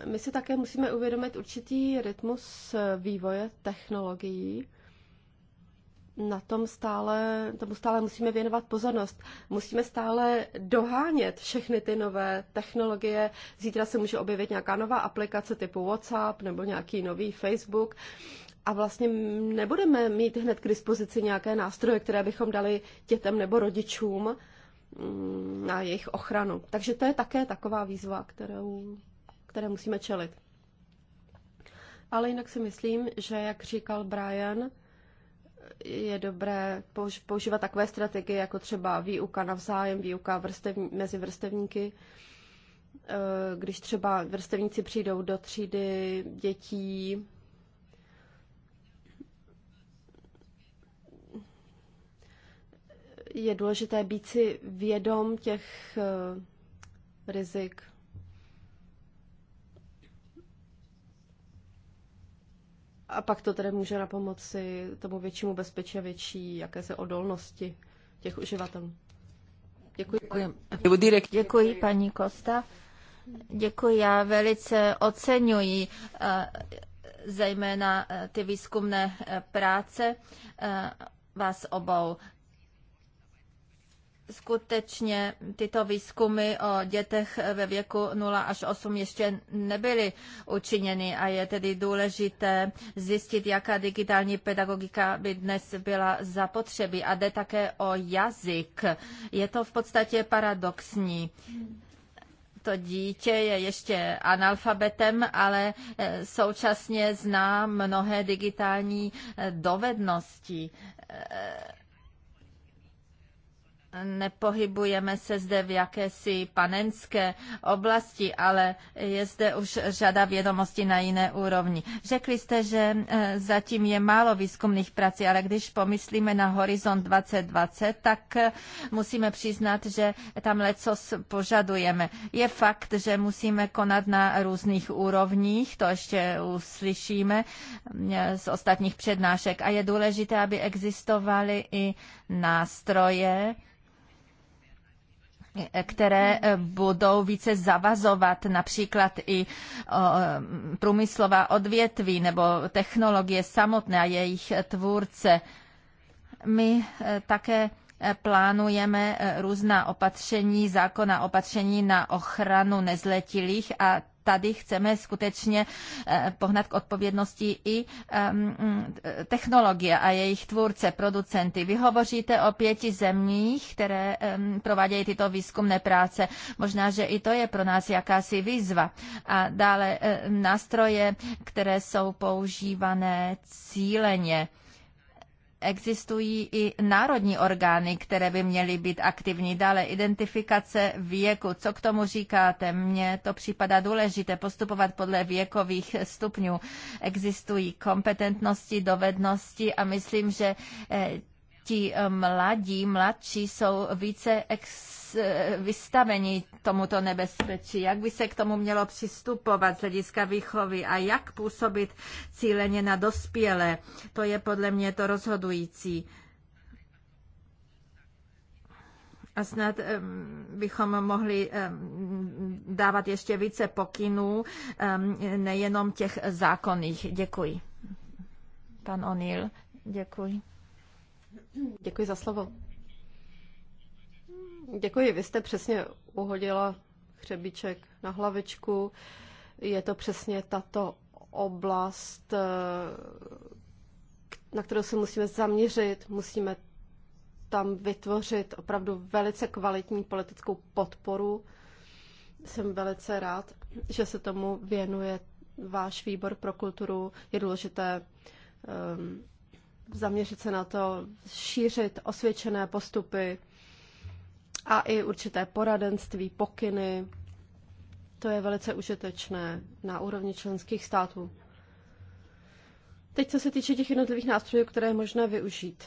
My si také musíme uvědomit určitý rytmus eh, vývoje technologií. Na tom stále, tomu stále musíme věnovat pozornost. Musíme stále dohánět všechny ty nové technologie. Zítra se může objevit nějaká nová aplikace typu WhatsApp nebo nějaký nový Facebook a vlastně nebudeme mít hned k dispozici nějaké nástroje, které bychom dali dětem nebo rodičům mm, na jejich ochranu. Takže to je také taková výzva, kterou, které musíme čelit. Ale jinak si myslím, že, jak říkal Brian, je dobré používat takové strategie, jako třeba výuka navzájem, výuka vrstevní, mezi vrstevníky. E, když třeba vrstevníci přijdou do třídy dětí, je důležité být si vědom těch eh, rizik. A pak to tedy může na pomoci tomu většímu bezpečí a větší jakési odolnosti těch uživatelů. Děkuji.
Děkuji. Děkuji, paní Kosta. Děkuji, já velice oceňuji eh, zejména eh, ty výzkumné práce vás obou skutečně tyto výzkumy o dětech ve věku 0 až 8 ještě nebyly učiněny a je tedy důležité zjistit, jaká digitální pedagogika by dnes byla zapotřebí. A jde také o jazyk. Je to v podstatě paradoxní to dítě je ještě analfabetem, ale eh, současně zná mnohé digitální eh, dovednosti eh, nepohybujeme se zde v jakési panenské oblasti, ale je zde už řada vědomostí na jiné úrovni. Řekli jste, že eh, zatím je málo výzkumných prací, ale když pomyslíme na horizont 2020, tak eh, musíme přiznat, že tam lecos požadujeme. Je fakt, že musíme konat na různých úrovních, to ještě uslyšíme eh, z ostatních přednášek a je důležité, aby existovaly i nástroje, E, které e, budou více zavazovat například i e, průmyslová odvětví nebo technologie samotné a jejich tvůrce. My také plánujeme různá opatření, zákona opatření na ochranu nezletilých a tady chceme skutečně eh, pohnat k odpovědnosti i ehm, eh, technologie a jejich tvůrce, producenty. Vy hovoříte o pěti zemích, které ehm, provádějí tyto výzkumné práce. Možná, že i to je pro nás jakási výzva. A dále eh, nástroje, které jsou používané cíleně existují i národní orgány, které by měly být aktivní. Dále identifikace věku. Co k tomu říkáte? Mně to připadá důležité postupovat podle věkových stupňů. Existují kompetentnosti, dovednosti a myslím, že eh, ti eh, mladí, mladší jsou více ex, eh, vystaveni tomuto nebezpečí. Jak by se k tomu mělo přistupovat z hlediska výchovy a jak působit cíleně na dospělé? To je podle mě to rozhodující. A snad eh, bychom mohli dávat ještě více pokynů, nejenom těch zákonných. Děkuji.
Pan O'Neill, děkuji. Děkuji za slovo. Děkuji, vy jste přesně uhodila chřebíček na hlavičku. Je to přesně tato oblast, eh, na kterou se musíme zaměřit, musíme tam vytvořit opravdu velice kvalitní politickou podporu. Jsem velice rád, že se tomu věnuje váš výbor pro kulturu. Je důležité um, zaměřit se na to, šířit osvědčené postupy a i určité poradenství, pokyny. To je velice užitečné na úrovni členských států. Teď, co se týče těch jednotlivých nástrojů, které je možné využít.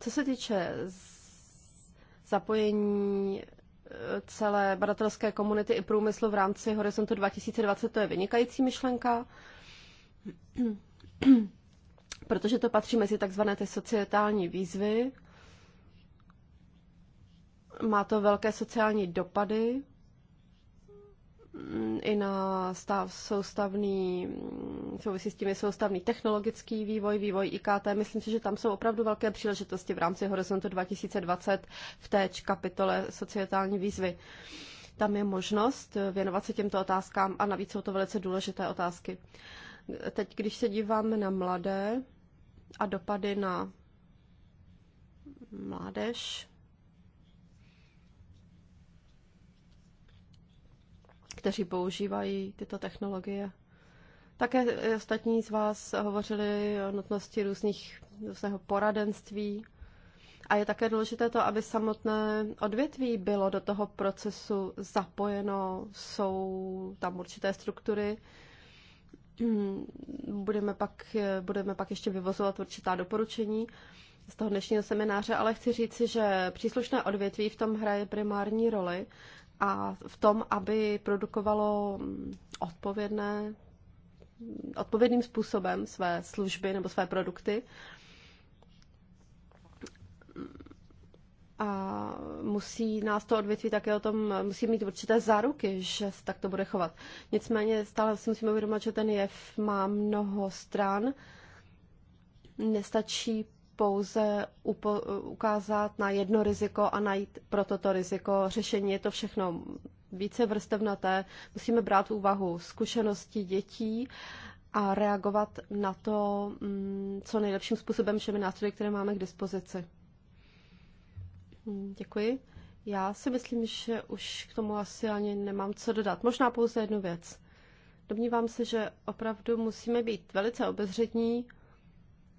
Co se týče zapojení eh, celé badatelské komunity i průmyslu v rámci Horizontu 2020, to je vynikající myšlenka protože to patří mezi takzvané ty societální výzvy. Má to velké sociální dopady mm, i na stav soustavný, mm, souvisí s tím je soustavný technologický vývoj, vývoj IKT. Myslím si, že tam jsou opravdu velké příležitosti v rámci Horizontu 2020 v té kapitole societální výzvy. Tam je možnost věnovat se těmto otázkám a navíc jsou to velice důležité otázky. Teď, když se díváme na mladé, a dopady na mládež, kteří používají tyto technologie. Také ostatní z vás hovořili o nutnosti různých, různého poradenství. A je také důležité to, aby samotné odvětví bylo do toho procesu zapojeno, jsou tam určité struktury, Mm, budeme pak, eh, budeme pak ještě vyvozovat určitá doporučení z toho dnešního semináře, ale chci říci, že příslušné odvětví v tom hraje primární roli a v tom, aby produkovalo mm, odpovědné, mm, odpovědným způsobem své služby nebo své produkty, a musí nás to odvětví také o tom, musí mít určité záruky, že se tak to bude chovat. Nicméně stále si musíme uvědomit, že ten jev má mnoho stran. Nestačí pouze upo- ukázat na jedno riziko a najít pro toto riziko řešení. Je to všechno více vrstevnaté. Musíme brát v úvahu zkušenosti dětí a reagovat na to mm, co nejlepším způsobem všemi nástroji, které máme k dispozici. Hm, děkuji. Já si myslím, že už k tomu asi ani nemám co dodat. Možná pouze jednu věc. Domnívám se, že opravdu musíme být velice obezřetní,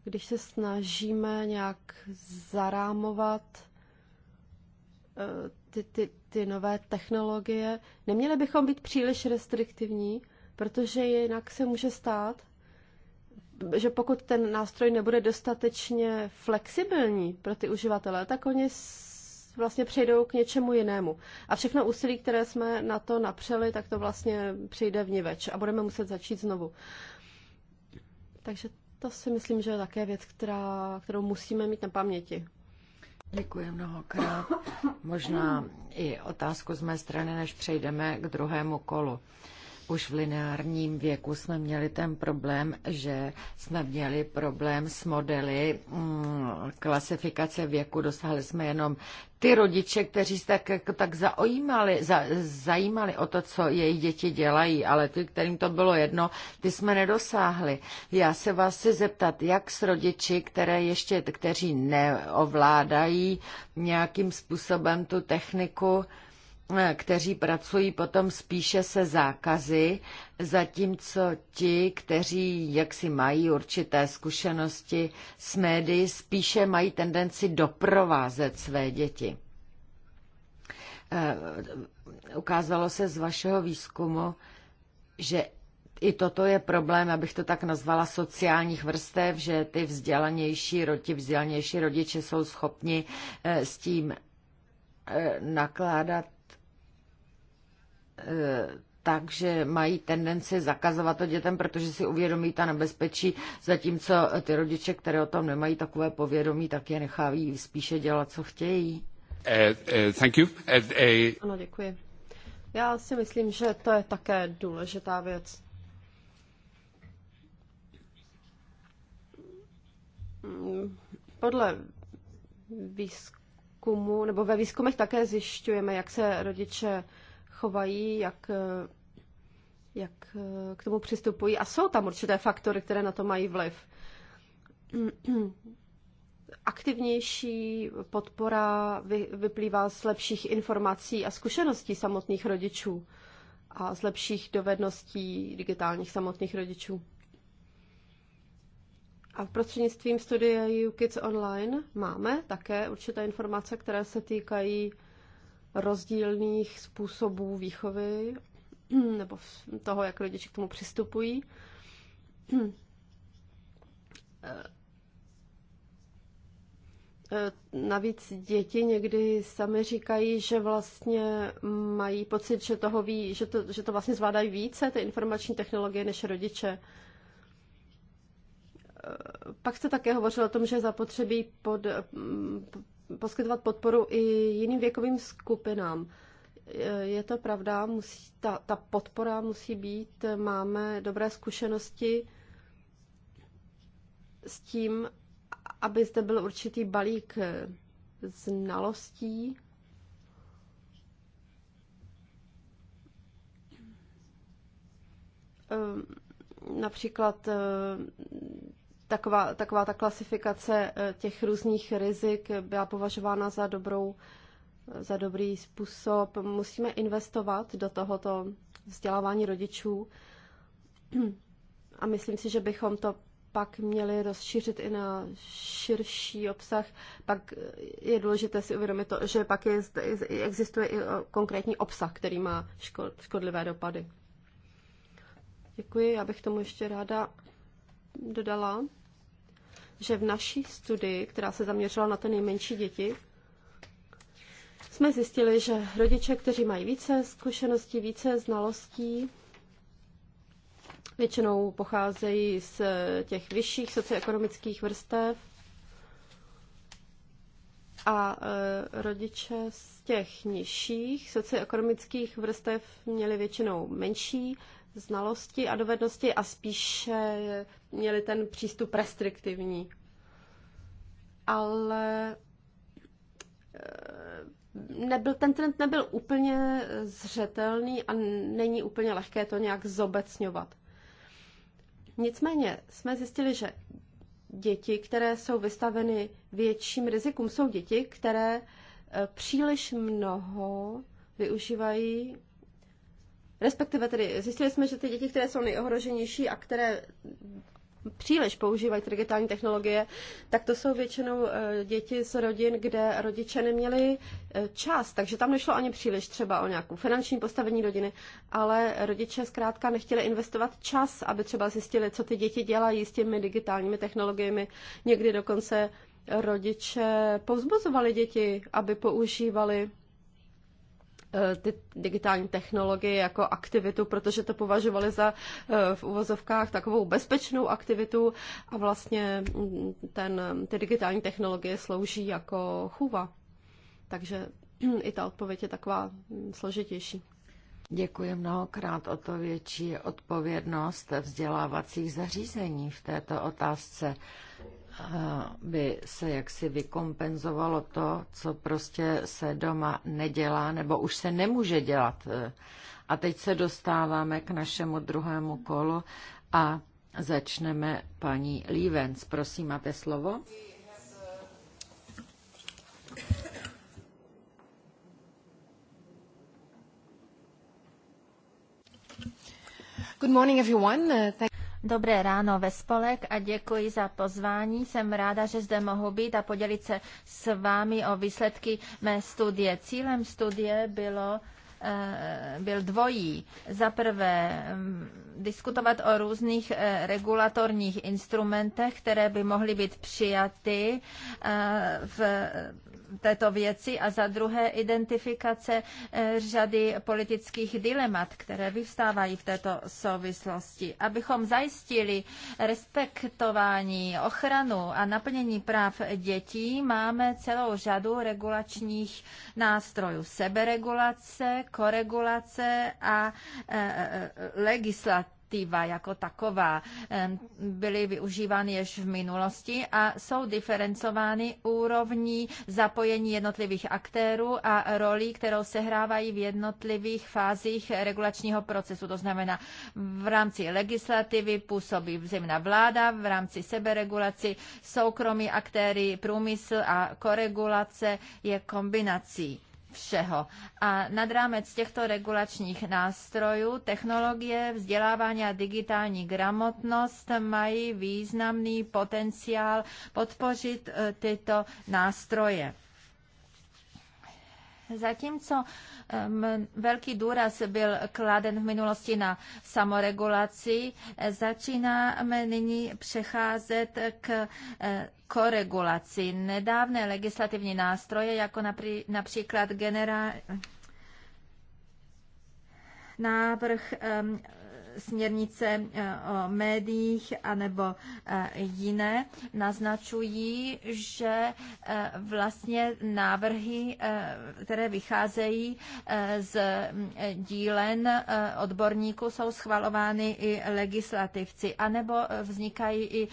když se snažíme nějak zarámovat eh, ty, ty, ty nové technologie. Neměli bychom být příliš restriktivní, protože jinak se může stát, že pokud ten nástroj nebude dostatečně flexibilní pro ty uživatele, tak oni vlastně přejdou k něčemu jinému. A všechno úsilí, které jsme na to napřeli, tak to vlastně přijde v niveč a budeme muset začít znovu. Takže to si myslím, že je také věc, která, kterou musíme mít na paměti.
Děkuji mnohokrát. Možná i otázku z mé strany, než přejdeme k druhému kolu. Už v lineárním věku jsme měli ten problém, že jsme měli problém s modely mm, klasifikace věku. Dosáhli jsme jenom ty rodiče, kteří se tak, jako tak zajímali, za, zajímali o to, co jejich děti dělají, ale ty, kterým to bylo jedno, ty jsme nedosáhli. Já se vás chci zeptat, jak s rodiči, které ještě, kteří neovládají nějakým způsobem tu techniku, kteří pracují potom spíše se zákazy, zatímco ti, kteří jaksi mají určité zkušenosti s médií, spíše mají tendenci doprovázet své děti. Eh, ukázalo se z vašeho výzkumu, že i toto je problém, abych to tak nazvala, sociálních vrstev, že ty vzdělanější, ti vzdělanější rodiče jsou schopni eh, s tím eh, nakládat Eh, takže mají tendenci zakazovat to dětem, protože si uvědomí ta nebezpečí, zatímco ty rodiče, které o tom nemají takové povědomí, tak je nechávají spíše dělat, co chtějí.
Uh, uh, thank you. Uh, uh...
Ano, děkuji. Já si myslím, že to je také důležitá věc. Podle výzkumu, nebo ve výzkumech také zjišťujeme, jak se rodiče uh, chovají, jak, eh, jak eh, k tomu přistupují. A jsou tam určité faktory, které na to mají vliv. Aktivnější podpora vyplývá z lepších informací a zkušeností samotných rodičů a z lepších dovedností digitálních samotných rodičů. A v prostřednictvím studie Kids Online máme také určité informace, které se týkají rozdílných způsobů výchovy nebo toho, jak rodiče k tomu přistupují. Navíc děti někdy sami říkají, že vlastně mají pocit, že toho ví, že to, že to vlastně zvládají více, ty informační technologie, než rodiče. Pak jste také hovořil o tom, že zapotřebí pod, poskytovat podporu i jiným věkovým skupinám. Je to pravda, musí, ta, ta podpora musí být, máme dobré zkušenosti s tím, aby zde byl určitý balík eh, znalostí. Ehm, například eh, taková, taková ta klasifikace eh, těch různých rizik byla považována za dobrou eh, za dobrý způsob. Musíme investovat do tohoto vzdělávání rodičů a myslím si, že bychom to pak měli rozšířit i na širší obsah. Pak eh, je důležité si uvědomit to, že pak je, existuje i konkrétní obsah, který má škodlivé dopady. Děkuji, já bych tomu ještě ráda dodala, že v naší studii, která se zaměřila na ty nejmenší děti, jsme zjistili, že rodiče, kteří mají více zkušeností, více znalostí, většinou pocházejí z těch vyšších socioekonomických vrstev a e, rodiče z těch nižších socioekonomických vrstev měli většinou menší znalosti a dovednosti a spíše měli ten přístup restriktivní. Ale eh, nebyl, ten trend nebyl úplně zřetelný a není úplně lehké to nějak zobecňovat. Nicméně jsme zjistili, že děti, které jsou vystaveny větším rizikům, jsou děti, které eh, příliš mnoho využívají Respektive tedy zjistili jsme, že ty děti, které jsou nejohroženější a které příliš používají digitální technologie, tak to jsou většinou eh, děti z rodin, kde rodiče neměli eh, čas, takže tam nešlo ani příliš třeba o nějakou finanční postavení rodiny, ale rodiče zkrátka nechtěli investovat čas, aby třeba zjistili, co ty děti dělají s těmi digitálními technologiemi. Někdy dokonce rodiče povzbuzovali děti, aby používali Eh, ty digitální technologie jako aktivitu, protože to považovali za eh, v uvozovkách takovou bezpečnou aktivitu a vlastně mm, ten, ty digitální technologie slouží jako chůva. Takže i ta odpověď je taková mm, složitější.
Děkuji mnohokrát o to větší odpovědnost vzdělávacích zařízení v této otázce by se jaksi vykompenzovalo to, co prostě se doma nedělá nebo už se nemůže dělat. A teď se dostáváme k našemu druhému kolu a začneme paní Lívenc. Prosím, máte slovo.
Good morning, everyone. Uh, thank Dobré ráno ve spolek a děkuji za pozvání. Jsem ráda, že zde mohu být a podělit se s vámi o výsledky mé studie. Cílem studie bylo eh, byl dvojí. Za prvé mm, diskutovat o různých eh, regulatorních instrumentech, které by mohly být přijaty eh, v této věci a za druhé identifikace eh, řady politických dilemat, které vyvstávají v této souvislosti. Abychom zajistili respektování, ochranu a naplnění práv dětí, máme celou řadu regulačních nástrojů. Seberegulace, koregulace a eh, eh, legislativní aktiva jako taková byly využívány již v minulosti a jsou diferencovány úrovní zapojení jednotlivých aktérů a roli, kterou sehrávají v jednotlivých fázích regulačního procesu. To znamená, v rámci legislativy působí vzemná vláda, v rámci seberegulaci soukromí aktéry, průmysl a koregulace je kombinací všeho. A nad rámec těchto regulačních nástrojů technologie, vzdělávání a digitální gramotnost mají významný potenciál podpořit e, tyto nástroje. Zatímco velký důraz byl kladen v minulosti na samoregulaci, e, začínáme nyní přecházet k e, koregulaci. Nedávné legislativní nástroje, jako napří, například generál, návrh um, směrnice o médiích anebo eh, jiné naznačují, že eh, vlastně návrhy, eh, které vycházejí z mm, dílen odborníků, jsou schvalovány i legislativci, anebo vznikají i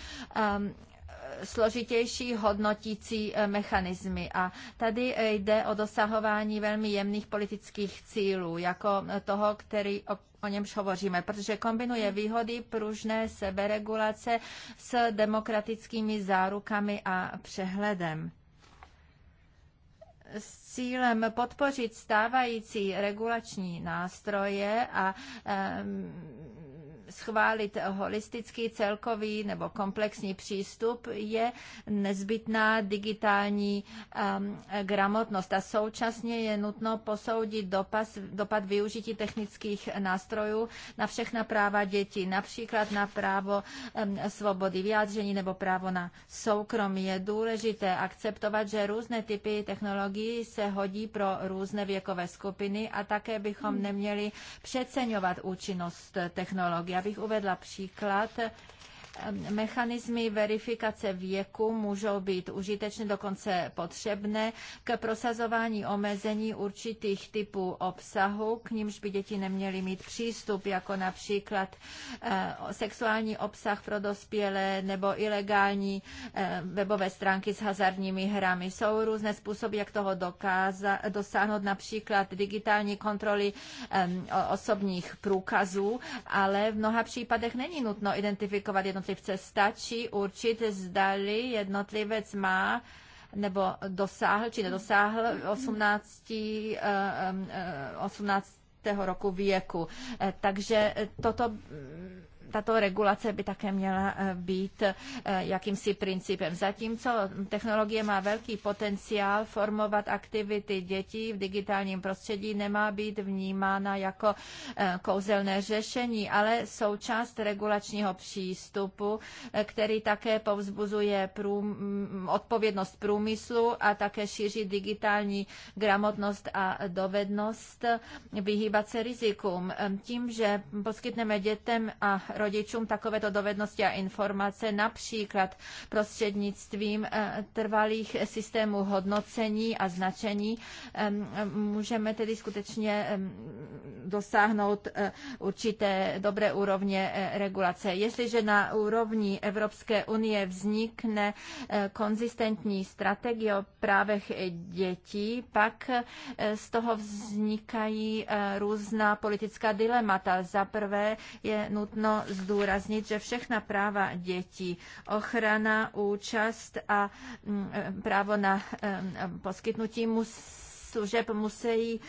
složitější hodnotící eh, mechanismy. A tady eh, jde o dosahování velmi jemných politických cílů, jako eh, toho, který, o němž hovoříme, protože kombinuje výhody pružné seberegulace s demokratickými zárukami a přehledem cílem podpořit stávající regulační nástroje a schválit holistický celkový nebo komplexní přístup, je nezbytná digitální gramotnost a současně je nutno posoudit dopas, dopad využití technických nástrojů na všechna práva dětí, například na právo svobody vyjádření nebo právo na soukromí. Je důležité akceptovat, že různé typy technologií se hodí pro různé věkové skupiny a také bychom hmm. neměli přeceňovat účinnost technologií. Abych uvedla příklad, mechanismy verifikace věku můžou být užitečné, dokonce potřebné k prosazování omezení určitých typů obsahu, k nímž by děti neměly mít přístup, jako například eh, sexuální obsah pro dospělé nebo ilegální eh, webové stránky s hazardními hrami. Jsou různé způsoby, jak toho dokáza, dosáhnout, například digitální kontroly eh, osobních průkazů, ale v mnoha případech není nutno identifikovat jednotlivé jednotlivce. Stačí určit, zdali jednotlivec má nebo dosáhl či nedosáhl 18, 18. Eh, eh, roku věku. Eh, takže toto tato regulace by také měla eh, být eh, jakýmsi principem. Zatímco technologie má velký potenciál formovat aktivity dětí v digitálním prostředí, nemá být vnímána jako eh, kouzelné řešení, ale součást regulačního přístupu, který také povzbuzuje prům, odpovědnost průmyslu a také šíří digitální gramotnost a dovednost vyhýbat se rizikům. Tím, že poskytneme dětem a rodičům takovéto dovednosti a informace, například prostřednictvím eh, trvalých systémů hodnocení a značení. Můžeme tedy skutečně dosáhnout eh, určité dobré úrovně eh, regulace. Jestliže na úrovni Evropské unie vznikne konzistentní strategie o právech dětí, pak z toho vznikají různá politická dilemata. Za prvé je nutno zdůraznit, že všechna práva dětí, ochrana, účast a mm, eh, právo na eh, poskytnutí musí služeb musí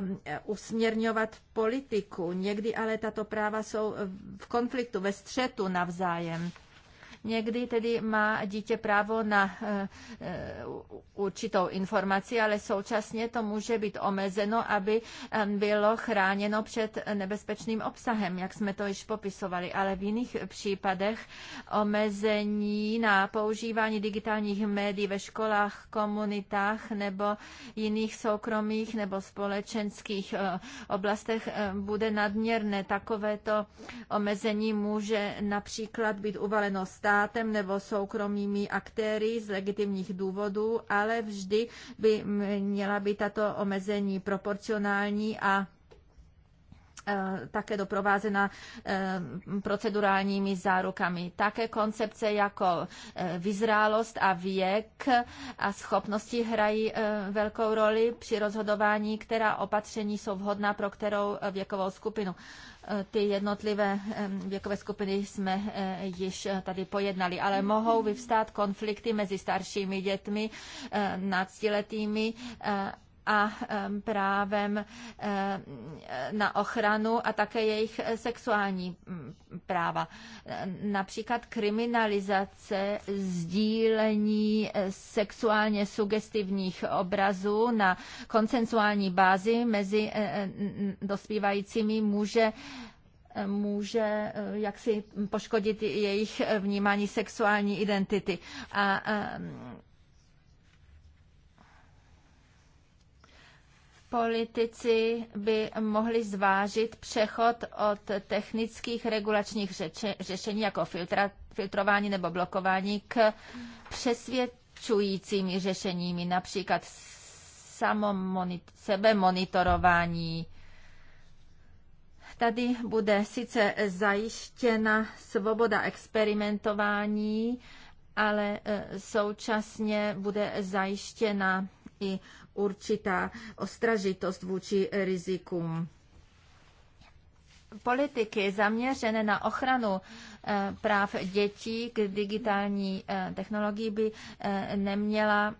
um, usměrňovat politiku. Někdy ale tato práva jsou v konfliktu, ve střetu navzájem. Někdy tedy má dítě právo na eh, eh, určitou informaci, ale současně to může být omezeno, aby bylo chráněno před nebezpečným obsahem, jak jsme to již popisovali. Ale v jiných případech omezení na používání digitálních médií ve školách, komunitách nebo jiných soukromých nebo společenských eh, oblastech bude nadměrné. Takovéto omezení může například být uvaleno stát státem nebo soukromými aktéry z legitimních důvodů, ale vždy by měla být tato omezení proporcionální a Eh, také doprovázena eh, procedurálními zárukami. Také koncepce jako eh, vyzrálost a věk a schopnosti hrají velkou roli při rozhodování, která opatření jsou vhodná pro kterou věkovou skupinu. Ty jednotlivé věkové skupiny jsme již tady pojednali, ale mohou vyvstát konflikty mezi staršími dětmi, nadstiletými a právem na ochranu a také jejich sexuální práva. Například kriminalizace sdílení e, sexuálně sugestivních obrazů na koncensuální bázi mezi e, e, dospívajícími může může jaksi poškodit jejich vnímání sexuální identity. A Politici by mohli zvážit přechod od technických regulačních řeče, řešení jako filtra, filtrování nebo blokování k přesvědčujícími řešeními, například sebemonitorování. Tady bude sice zajištěna svoboda experimentování, ale e, současně bude zajištěna i určitá ostražitost vůči rizikům politiky zaměřené na ochranu eh, práv dětí k digitální eh, technologii by eh, neměla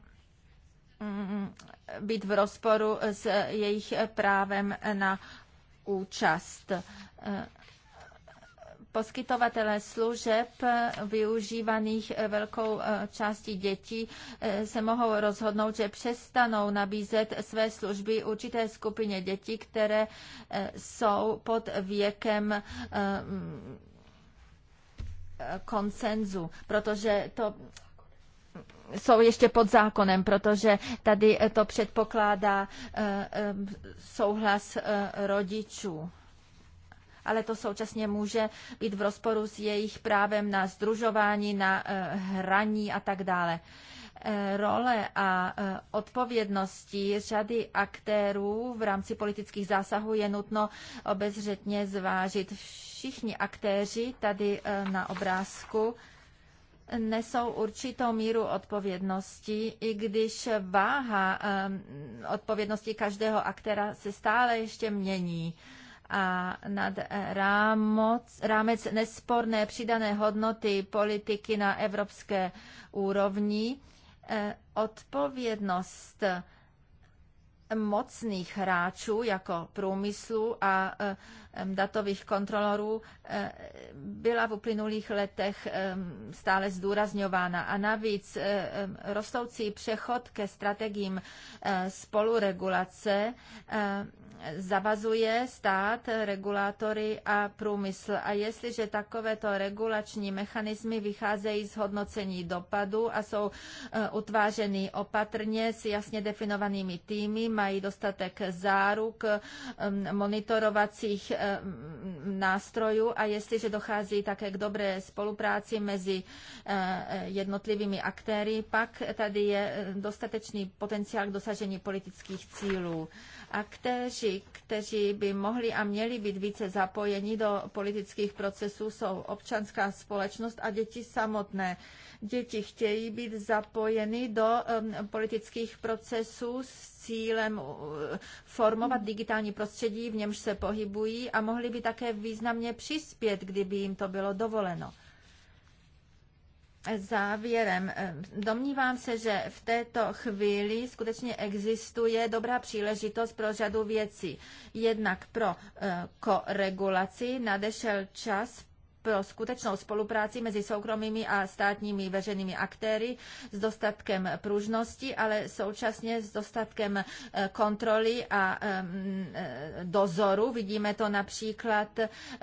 mm, být v rozporu s jejich právem na účast poskytovatelé služeb využívaných eh, velkou eh, částí dětí eh, se mohou rozhodnout, že přestanou nabízet své služby určité skupině dětí, které jsou pod věkem mm, konsenzu, protože to jsou ještě pod zákonem, protože tady to předpokládá souhlas rodičů ale to současně může být v rozporu s jejich právem na združování, na eh, hraní a tak dále eh, role a eh, odpovědnosti řady aktérů v rámci politických zásahů je nutno obezřetně zvážit. Všichni aktéři tady na obrázku nesou určitou míru odpovědnosti, i když váha odpovědnosti každého aktéra se stále ještě mění a nad rámoc, rámec nesporné přidané hodnoty politiky na evropské úrovni eh, odpovědnost mocných hráčů jako průmyslu a eh, datových kontrolorů eh, byla v uplynulých letech stále zdůrazňována. A navíc rostoucí přechod ke strategiím spoluregulace zavazuje stát, regulátory a průmysl. A jestliže takovéto regulační mechanismy vycházejí z hodnocení dopadu a jsou e, utvářeny opatrně s jasně definovanými týmy, mají dostatek záruk, e, monitorovacích e, nástrojů a jestliže dochází také k dobré spolupráci mezi jednotlivými aktéry, pak tady je dostatečný potenciál k dosažení politických cílů. Aktéři, kteří by mohli a měli být více zapojeni do politických procesů, jsou občanská společnost a děti samotné. Děti chtějí být zapojeny do um, politických procesů s cílem formovat digitální prostředí, v němž se pohybují a mohli by také významně přispět, kdyby jim to bylo dovoleno závěrem. Eh, domnívám se, že v této chvíli skutečně existuje dobrá příležitost pro řadu věcí. Jednak pro eh, koregulaci nadešel čas pro skutečnou spolupráci mezi soukromými a státními veřejnými aktéry s dostatkem pružnosti, ale současně s dostatkem eh, kontroly a mm, dozoru. Vidíme to například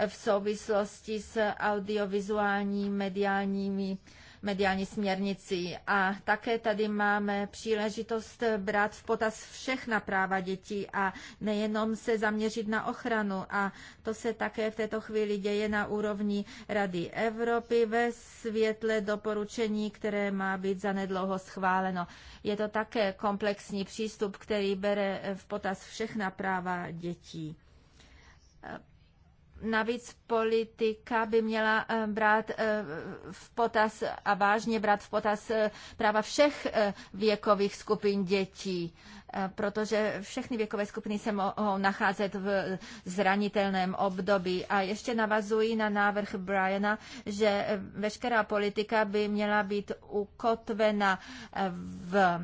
v souvislosti s audiovizuálními, mediálními mediální směrnicí. A také tady máme příležitost brát v potaz všechna práva dětí a nejenom se zaměřit na ochranu. A to se také v této chvíli děje na úrovni Rady Evropy ve světle doporučení, které má být zanedlouho schváleno. Je to také komplexní přístup, který bere v potaz všechna práva dětí. Navíc politika by měla eh, brát eh, v potaz a vážně brát v potaz eh, práva všech věkových skupin dětí, protože všechny věkové skupiny se mohou nacházet v zranitelném období. A ještě navazují na návrh Briana, že veškerá politika by měla být ukotvena v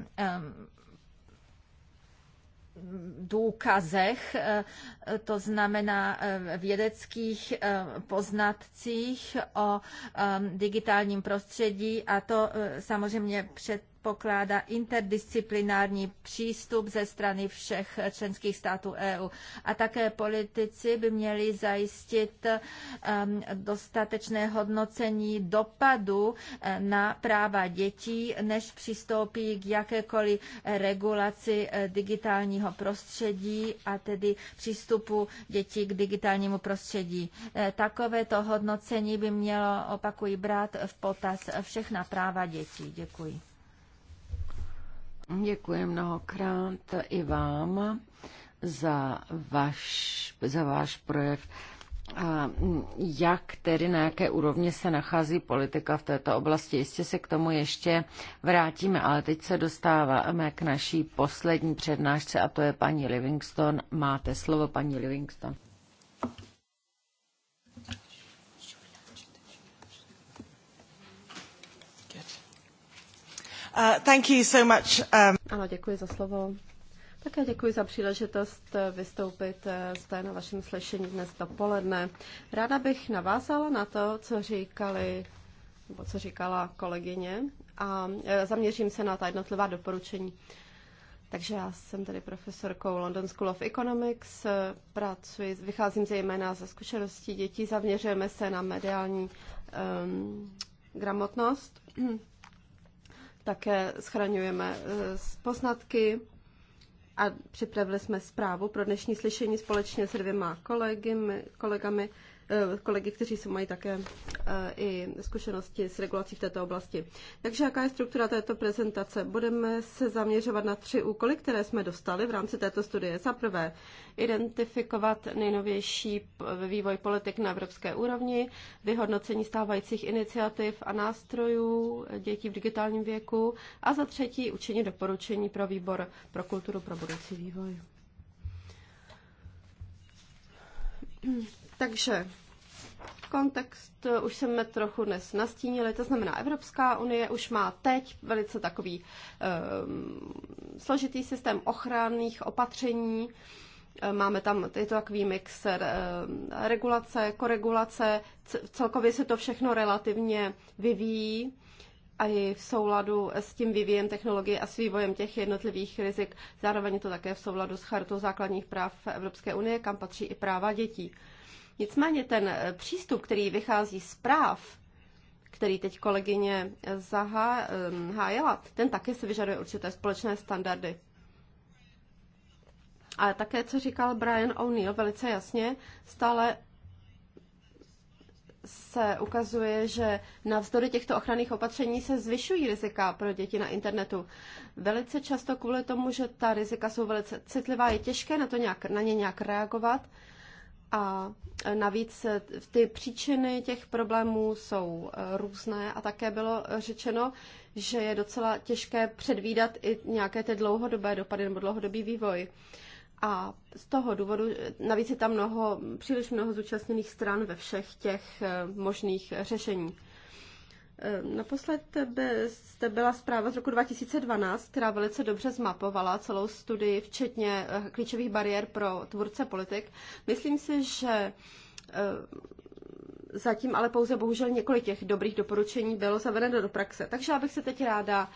důkazech, eh, to znamená eh, vědeckých eh, poznatcích o digitálním prostředí a to samozřejmě před předpokládá interdisciplinární přístup ze strany všech členských států EU. A také politici by měli zajistit um, dostatečné hodnocení dopadu eh, na práva dětí, než přistoupí k jakékoliv regulaci eh, digitálního prostředí a tedy přístupu dětí k digitálnímu prostředí. Eh, takovéto hodnocení by mělo, opakují, brát v potaz všechna práva dětí. Děkuji.
Děkuji mnohokrát i vám za, vaš, za váš projev. A jak tedy, na jaké úrovni se nachází politika v této oblasti? Jistě se k tomu ještě vrátíme, ale teď se dostáváme k naší poslední přednášce a to je paní Livingston. Máte slovo, paní Livingston.
Uh, thank you so much. Um... Ano, děkuji za slovo. Také děkuji za příležitost eh, vystoupit eh, zde na vašem slyšení dnes dopoledne. Ráda bych navázala na to, co říkali nebo co říkala kolegyně a eh, zaměřím se na ta jednotlivá doporučení. Takže já jsem tady profesorkou London School of Economics, pracuji, vycházím zejména ze zkušeností dětí, zaměřujeme se na mediální um, gramotnost také schraňujeme eh, poznatky a připravili jsme zprávu pro dnešní slyšení společně s dvěma kolegy, kolegami. Eh, kolegy, kteří se mají také eh, i zkušenosti s regulací v této oblasti. Takže jaká je struktura této prezentace? Budeme se zaměřovat na tři úkoly, které jsme dostali v rámci této studie. Za prvé, identifikovat nejnovější vývoj politik na evropské úrovni, vyhodnocení stávajících iniciativ a nástrojů dětí v digitálním věku a za třetí učinit doporučení pro výbor pro kulturu pro budoucí vývoj. Takže kontext eh, už jsme trochu dnes nastínili, to znamená Evropská unie už má teď velice takový um, složitý systém ochranných opatření, eh, Máme tam, je to takový mix eh, regulace, koregulace, celkově se to všechno relativně vyvíjí a je v souladu s tím vyvíjem technologie a s vývojem těch jednotlivých rizik. Zároveň je to také v souladu s chartou základních práv Evropské unie, kam patří i práva dětí. Nicméně ten eh, přístup, který vychází z práv, který teď kolegyně eh, zahájila, ehm, ten také se vyžaduje určité společné standardy. Ale také, co říkal Brian O'Neill velice jasně, stále se ukazuje, že navzdory těchto ochranných opatření se zvyšují rizika pro děti na internetu. Velice často kvůli tomu, že ta rizika jsou velice citlivá, je těžké na, to nějak, na ně nějak reagovat. A Navíc eh, ty příčiny těch problémů jsou eh, různé a také bylo řečeno, že je docela těžké předvídat i nějaké ty dlouhodobé dopady nebo dlouhodobý vývoj. A z toho důvodu, eh, navíc je tam mnoho, příliš mnoho zúčastněných stran ve všech těch možných řešeních. Eh, naposled jste byla zpráva z roku 2012, která velice dobře zmapovala celou studii, včetně eh, klíčových bariér pro tvůrce politik. Myslím si, že eh, zatím ale pouze bohužel několik těch dobrých doporučení bylo zavedeno do praxe. Takže já bych se teď ráda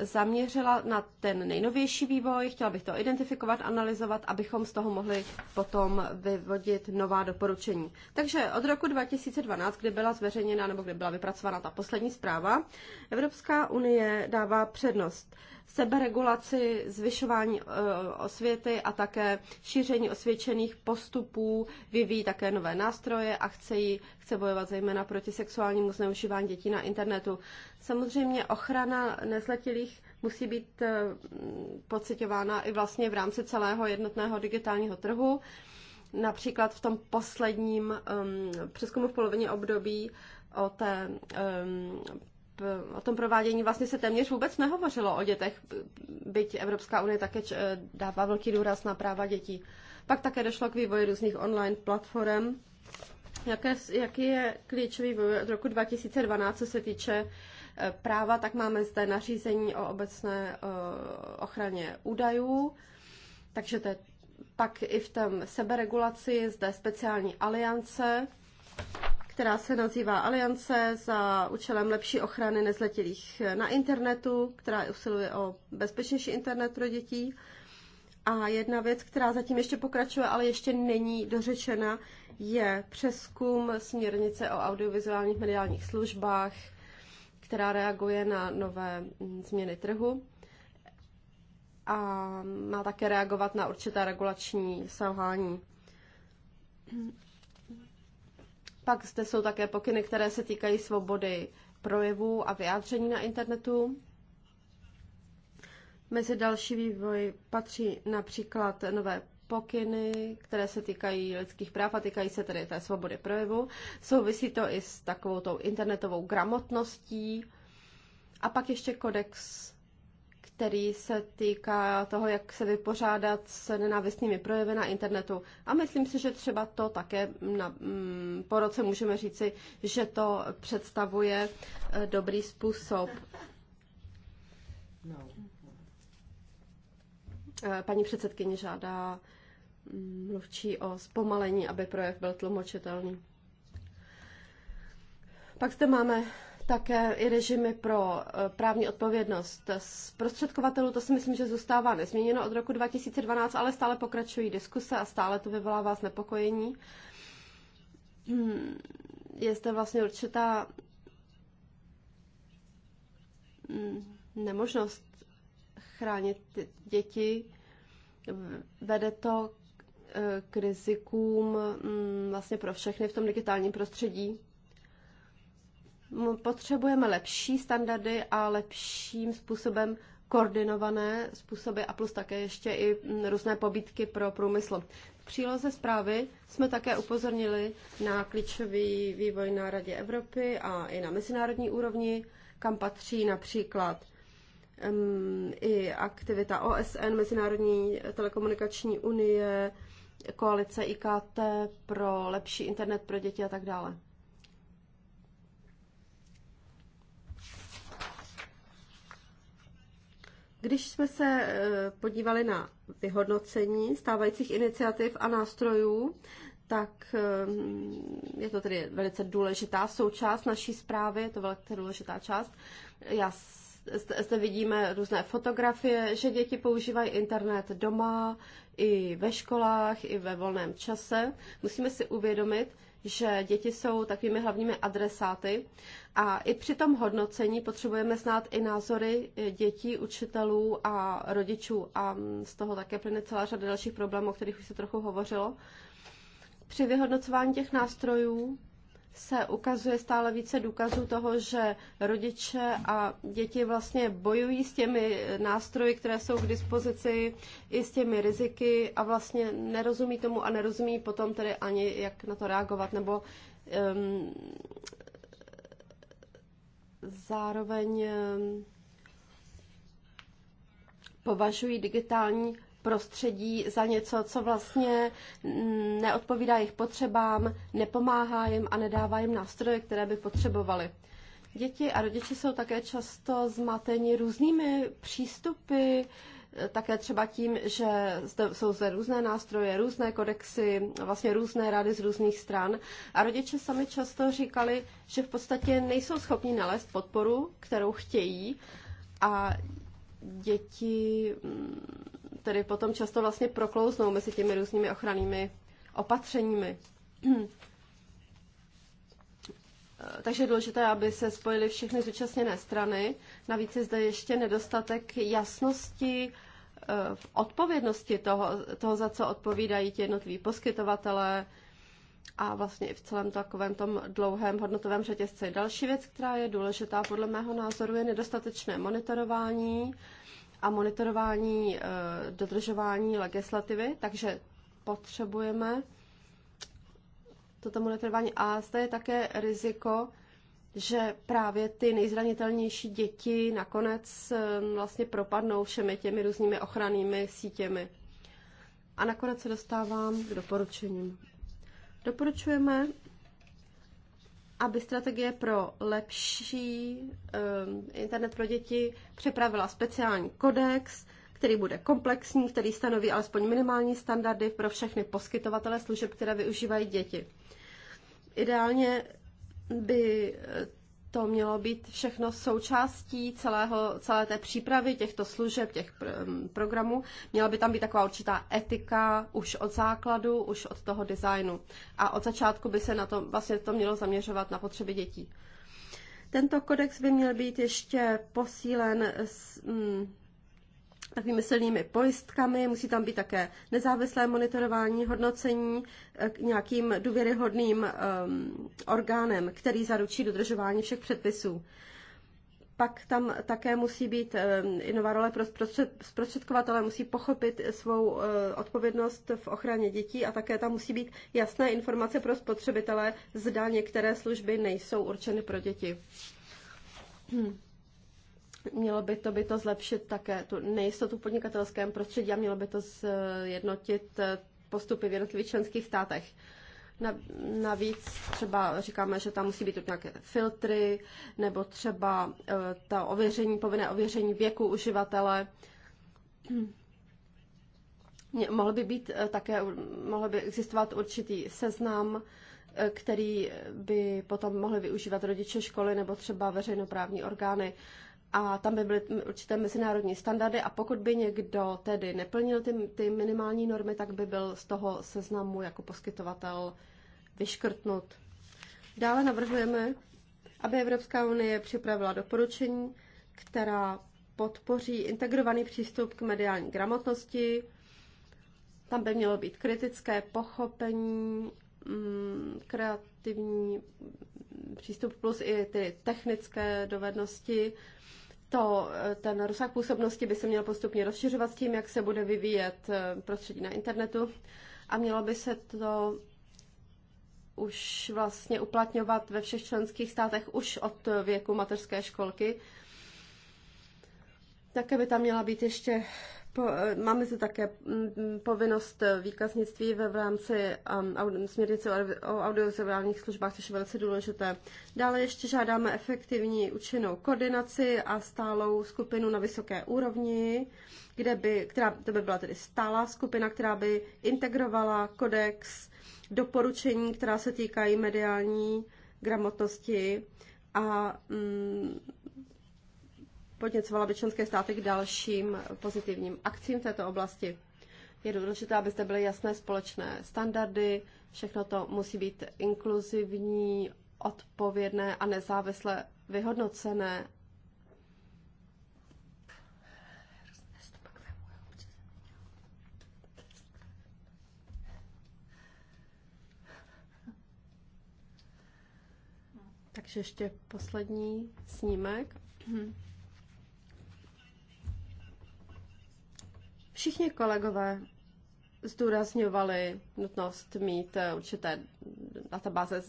zaměřila na ten nejnovější vývoj, chtěla bych to identifikovat, analyzovat, abychom z toho mohli potom vyvodit nová doporučení. Takže od roku 2012, kdy byla zveřejněna nebo kdy byla vypracována ta poslední zpráva, Evropská unie dává přednost seberegulaci, zvyšování eh, osvěty a také šíření osvědčených postupů, vyvíjí také nové nástroje a chce, jí, chce bojovat zejména proti sexuálnímu zneužívání dětí na internetu. Samozřejmě ochrana nezletilých musí být eh, pocitována i vlastně v rámci celého jednotného digitálního trhu. Například v tom posledním um, přeskumu v polovině období o té um, Eh, o tom provádění vlastně se téměř vůbec nehovořilo o dětech, byť Evropská unie také eh, dává velký důraz na práva dětí. Pak také došlo k vývoji různých online platform. Jaké, jaký je klíčový vývoj od roku 2012, co se týče eh, práva, tak máme zde nařízení o obecné ochraně údajů, takže to je pak i v tom seberegulaci zde speciální aliance, která se nazývá Aliance za účelem lepší ochrany nezletilých na internetu, která usiluje o bezpečnější internet pro dětí. A jedna věc, která zatím ještě pokračuje, ale ještě není dořečena, je přeskum směrnice o audiovizuálních mediálních službách, která reaguje na nové mm, změny trhu a má také reagovat na určitá regulační selhání. Pak zde jsou také pokyny, které se týkají svobody projevů a vyjádření na internetu. Mezi další vývoj patří například nové pokyny, které se týkají lidských práv a týkají se tedy té svobody projevu. Souvisí to i s takovou tou internetovou gramotností. A pak ještě kodex který se týká toho, jak se vypořádat s nenávistnými projevy na internetu. A myslím si, že třeba to také na, mm, po roce můžeme říci, že to představuje eh, dobrý způsob. No. Eh, paní předsedkyně žádá mm, mluvčí o zpomalení, aby projev byl tlumočitelný. Pak zde máme také i režimy pro eh, právní odpovědnost zprostředkovatelů, to si myslím, že zůstává nezměněno od roku 2012, ale stále pokračují diskuse a stále to vyvolává znepokojení. Hmm, je zde vlastně určitá hmm, nemožnost chránit děti. Vede to k eh, rizikům hmm, vlastně pro všechny v tom digitálním prostředí. Potřebujeme lepší standardy a lepším způsobem koordinované způsoby a plus také ještě i různé pobídky pro průmysl. V příloze zprávy jsme také upozornili na klíčový vývoj na Radě Evropy a i na mezinárodní úrovni, kam patří například um, i aktivita OSN, Mezinárodní telekomunikační unie, koalice IKT pro lepší internet pro děti a tak dále. Když jsme se e, podívali na vyhodnocení stávajících iniciativ a nástrojů, tak e, je to tedy velice důležitá součást naší zprávy, je to velice důležitá část. Já zde vidíme různé fotografie, že děti používají internet doma, i ve školách, i ve volném čase. Musíme si uvědomit, že děti jsou takovými hlavními adresáty a i při tom hodnocení potřebujeme znát i názory eh, dětí, učitelů a rodičů a mm, z toho také plyne celá řada dalších problémů, o kterých už se trochu hovořilo. Při vyhodnocování těch nástrojů se ukazuje stále více důkazů toho, že rodiče a děti vlastně bojují s těmi nástroji, které jsou k dispozici, i s těmi riziky a vlastně nerozumí tomu a nerozumí potom tedy ani, jak na to reagovat, nebo um, zároveň um, považují digitální prostředí za něco, co vlastně neodpovídá jejich potřebám, nepomáhá jim a nedává jim nástroje, které by potřebovali. Děti a rodiče jsou také často zmateni různými přístupy, také třeba tím, že zde jsou zde různé nástroje, různé kodexy, vlastně různé rady z různých stran. A rodiče sami často říkali, že v podstatě nejsou schopni nalézt podporu, kterou chtějí a děti mm, tedy potom často vlastně proklouznou mezi těmi různými ochrannými opatřeními. Takže je důležité, aby se spojily všechny zúčastněné strany. Navíc je zde ještě nedostatek jasnosti eh, v odpovědnosti toho, toho za co odpovídají ti jednotliví poskytovatelé a vlastně i v celém takovém tom dlouhém hodnotovém řetězci. Další věc, která je důležitá podle mého názoru, je nedostatečné monitorování a monitorování eh, dodržování legislativy, takže potřebujeme toto monitorování. A zde je také riziko, že právě ty nejzranitelnější děti nakonec eh, vlastně propadnou všemi těmi různými ochrannými sítěmi. A nakonec se dostávám k doporučením. Doporučujeme, aby strategie pro lepší um, internet pro děti přepravila speciální kodex, který bude komplexní, který stanoví alespoň minimální standardy pro všechny poskytovatele služeb, které využívají děti. Ideálně by to mělo být všechno součástí celého, celé té přípravy těchto služeb, těch pr- mm, programů. Měla by tam být taková určitá etika už od základu, už od toho designu. A od začátku by se na to, vlastně to mělo zaměřovat na potřeby dětí. Tento kodex by měl být ještě posílen s, mm, takovými silnými pojistkami, musí tam být také nezávislé monitorování, hodnocení eh, k nějakým důvěryhodným um, orgánem, který zaručí dodržování všech předpisů. Pak tam také musí být ehm, nová role pro zprostředkovatele, musí pochopit svou eh, odpovědnost v ochraně dětí a také tam musí být jasné informace pro spotřebitele, zda některé služby nejsou určeny pro děti. Hmm. Mělo by to by to zlepšit také tu nejistotu v podnikatelském prostředí a mělo by to zjednotit eh, postupy v jednotlivých členských státech. Navíc třeba říkáme, že tam musí být nějaké filtry, nebo třeba eh, ta ověření, povinné ověření věku uživatele. Mohl by být eh, také, mohl by existovat určitý seznam, který by potom mohli využívat rodiče školy nebo třeba veřejnoprávní orgány a tam by byly určité mezinárodní standardy a pokud by někdo tedy neplnil ty, ty minimální normy, tak by byl z toho seznamu jako poskytovatel vyškrtnut. Dále navrhujeme, aby Evropská unie připravila doporučení, která podpoří integrovaný přístup k mediální gramotnosti. Tam by mělo být kritické pochopení, mm, kreativní přístup plus i ty technické dovednosti to, eh, ten rozsah působnosti by se měl postupně rozšiřovat s tím, jak se bude vyvíjet eh, prostředí na internetu a mělo by se to už vlastně uplatňovat ve všech členských státech už od věku mateřské školky. Také by tam měla být ještě po, eh, máme zde také mm, mm, povinnost výkaznictví ve v rámci um, směrnice o audiovizuálních službách, což je velice důležité. Dále ještě žádáme efektivní účinnou koordinaci a stálou skupinu na vysoké úrovni, kde by, která, to by byla tedy stálá skupina, která by integrovala kodex doporučení, která se týkají mediální gramotnosti a mm, podněcovala by členské státy k dalším pozitivním akcím v této oblasti. Je důležité, aby byly jasné společné standardy, všechno to musí být inkluzivní, odpovědné a nezávisle vyhodnocené. Takže ještě poslední snímek. Všichni kolegové zdůrazňovali nutnost mít eh, určité databáze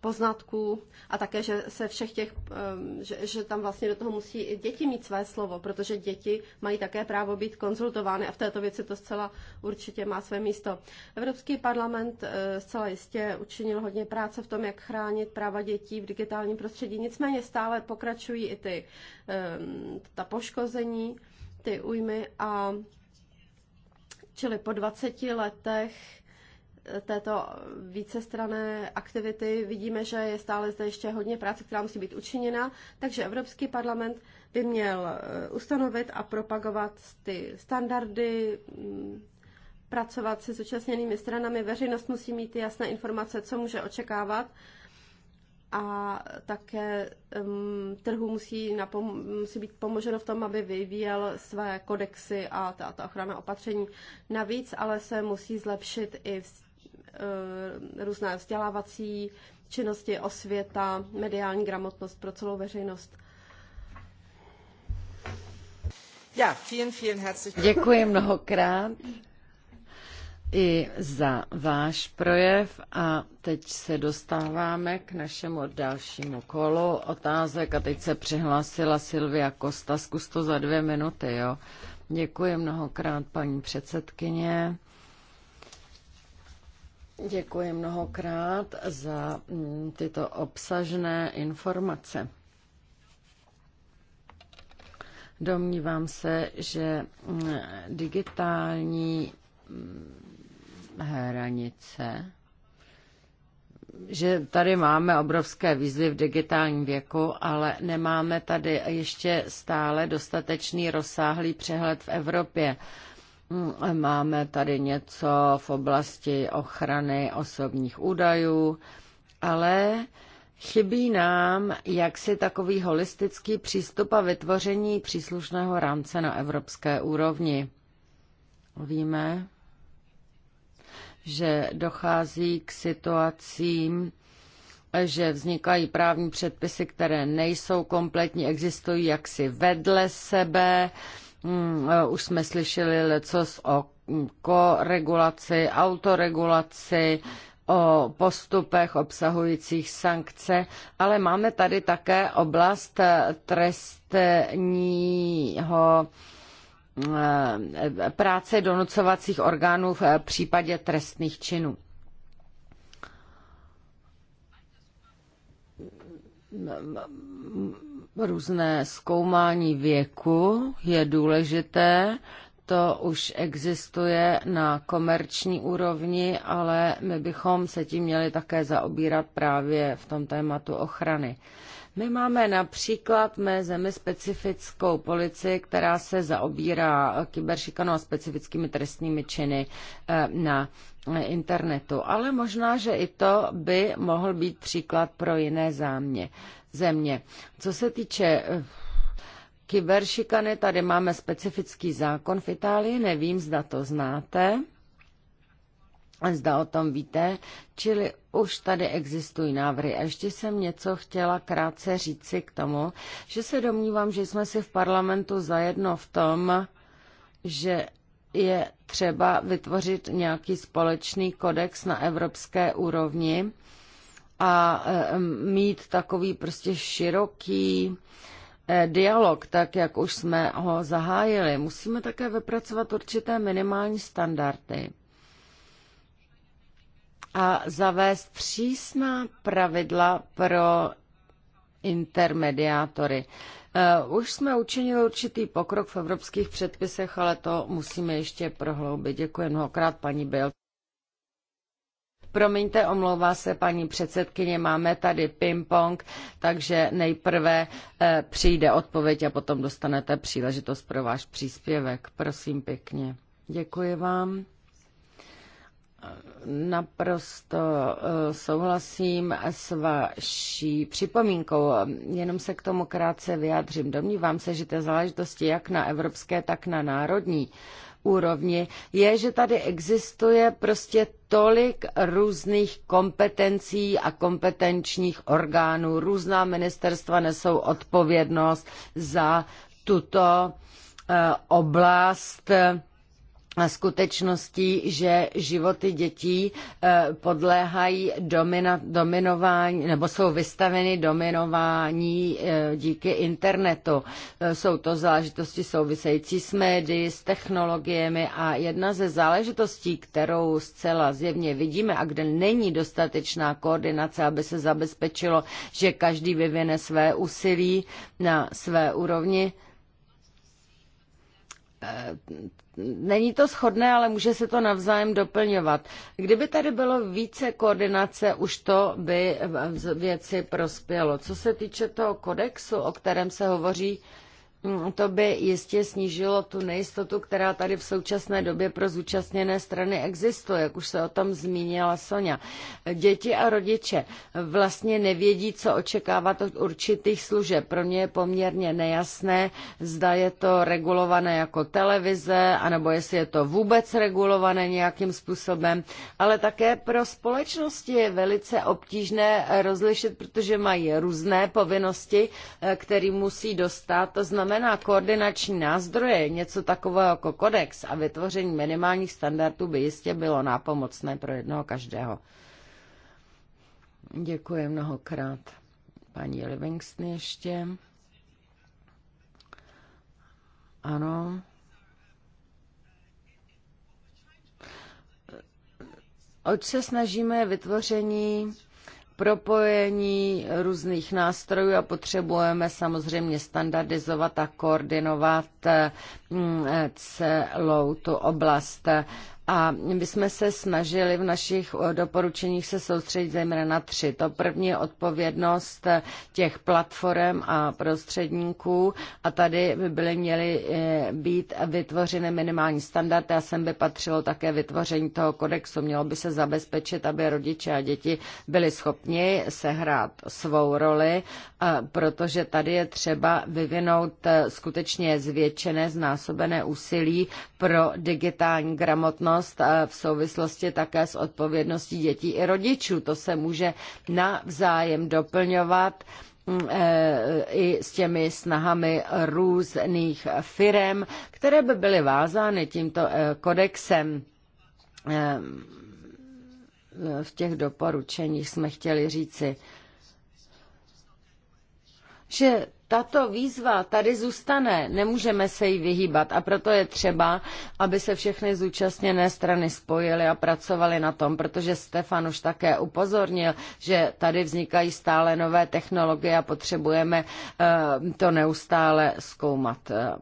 poznatků a také, že se všech těch, ehm, že, že tam vlastně do toho musí i děti mít své slovo, protože děti mají také právo být konzultovány a v této věci to zcela určitě má své místo. Evropský parlament eh, zcela jistě učinil hodně práce v tom, jak chránit práva dětí v digitálním prostředí, nicméně stále pokračují i ty ehm, ta poškození, ty újmy a Čili po 20 letech eh, této vícestrané aktivity vidíme, že je stále zde ještě hodně práce, která musí být učiněna, takže Evropský parlament by měl eh, ustanovit a propagovat ty standardy, mm, pracovat se zúčastněnými stranami, veřejnost musí mít jasné informace, co může očekávat a také um, trhu musí, napom- musí být pomoženo v tom, aby vyvíjel své kodexy a ta, ta ochrana opatření. Navíc ale se musí zlepšit i v, uh, různé vzdělávací činnosti, osvěta, mediální gramotnost pro celou veřejnost. Ja, vielen, vielen Děkuji
mnohokrát i za váš projev a teď se dostáváme k našemu dalšímu kolu otázek a teď se přihlásila Silvia Kosta, zkus to za dvě minuty, jo. Děkuji mnohokrát, paní předsedkyně. Děkuji mnohokrát za mm, tyto obsažné informace. Domnívám se, že mm, digitální mm, hranice, že tady máme obrovské výzvy v digitálním věku, ale nemáme tady ještě stále dostatečný rozsáhlý přehled v Evropě. Máme tady něco v oblasti ochrany osobních údajů, ale chybí nám jaksi takový holistický přístup a vytvoření příslušného rámce na evropské úrovni. Víme, že dochází k situacím, že vznikají právní předpisy, které nejsou kompletní, existují jaksi vedle sebe. Mm, e, už jsme slyšeli lecos o koregulaci, autoregulaci, o postupech obsahujících sankce, ale máme tady také oblast e, trestního Eh, práce donucovacích orgánů v eh, případě trestných činů. Různé zkoumání věku je důležité, to už existuje na komerční úrovni, ale my bychom se tím měli také zaobírat právě v tom tématu ochrany. My máme například v mé zemi specifickou policii, která se zaobírá eh, kyberšikanou a specifickými trestnými činy eh, na eh, internetu. Ale možná, že i to by mohl být příklad pro jiné zámě, země. Co se týče kyberšikany, tady máme specifický zákon v Itálii, nevím, zda to znáte. Zda o tom víte, čili už tady existují návrhy. A ještě jsem něco chtěla krátce říci k tomu, že se domnívám, že jsme si v parlamentu zajedno v tom, že je třeba vytvořit nějaký společný kodex na evropské úrovni a e, mít takový prostě široký e, dialog, tak jak už jsme ho zahájili. Musíme také vypracovat určité minimální standardy a zavést přísná pravidla pro intermediátory. Eh, už jsme učinili určitý pokrok v evropských předpisech, ale to musíme ještě prohloubit. Děkuji mnohokrát, paní Bill. Promiňte, omlouvá se paní předsedkyně, máme tady ping-pong, takže nejprve eh, přijde odpověď a potom dostanete příležitost pro váš příspěvek. Prosím pěkně. Děkuji vám. Naprosto eh, souhlasím s vaší připomínkou, jenom se k tomu krátce vyjádřím. Domnívám se, že ty záležitosti jak na evropské, tak na národní úrovni je, že tady existuje prostě tolik různých kompetencí a kompetenčních orgánů. Různá ministerstva nesou odpovědnost za tuto eh, oblast skutečností, že životy dětí eh, podléhají domina, dominování nebo jsou vystaveny dominování eh, díky internetu. Eh, jsou to záležitosti související s médií, s technologiemi a jedna ze záležitostí, kterou zcela zjevně vidíme a kde není dostatečná koordinace, aby se zabezpečilo, že každý vyvine své úsilí na své úrovni, Eh, není to shodné, ale může se to navzájem doplňovat. Kdyby tady bylo více koordinace, už to by věci prospělo. Co se týče toho kodexu, o kterém se hovoří, to by jistě snížilo tu nejistotu, která tady v současné době pro zúčastněné strany existuje, jak už se o tom zmínila Sonja. Děti a rodiče vlastně nevědí, co očekávat od určitých služeb. Pro mě je poměrně nejasné, zda je to regulované jako televize, anebo jestli je to vůbec regulované nějakým způsobem, ale také pro společnosti je velice obtížné rozlišit, protože mají různé povinnosti, eh, které musí dostat. To znamená, znamená koordinační nástroje, něco takového jako kodex a vytvoření minimálních standardů by jistě bylo nápomocné pro jednoho každého. Děkuji mnohokrát paní Livingston ještě. Ano. Oč se snažíme vytvoření propojení různých nástrojů a potřebujeme samozřejmě standardizovat a koordinovat mm, eh, celou tu oblast. A my jsme se snažili v našich eh, doporučeních se soustředit zejména na tři. To první je odpovědnost eh, těch platform a prostředníků a tady by byly měly eh, být vytvořeny minimální standardy a sem by patřilo také vytvoření toho kodexu. Mělo by se zabezpečit, aby rodiče a děti byli schopni sehrát svou roli, protože tady je třeba vyvinout skutečně zvětšené, znásobené úsilí pro digitální gramotnost odpovědnost eh, v souvislosti také s odpovědností dětí i rodičů. To se může navzájem doplňovat mm, eh, i s těmi snahami různých firem, které by byly vázány tímto eh, kodexem. V těch doporučeních jsme chtěli říci, že tato výzva tady zůstane, nemůžeme se jí vyhýbat a proto je třeba, aby se všechny zúčastněné strany spojily a pracovaly na tom, protože Stefan už také upozornil, že tady vznikají stále nové technologie a potřebujeme eh, to neustále zkoumat. Eh,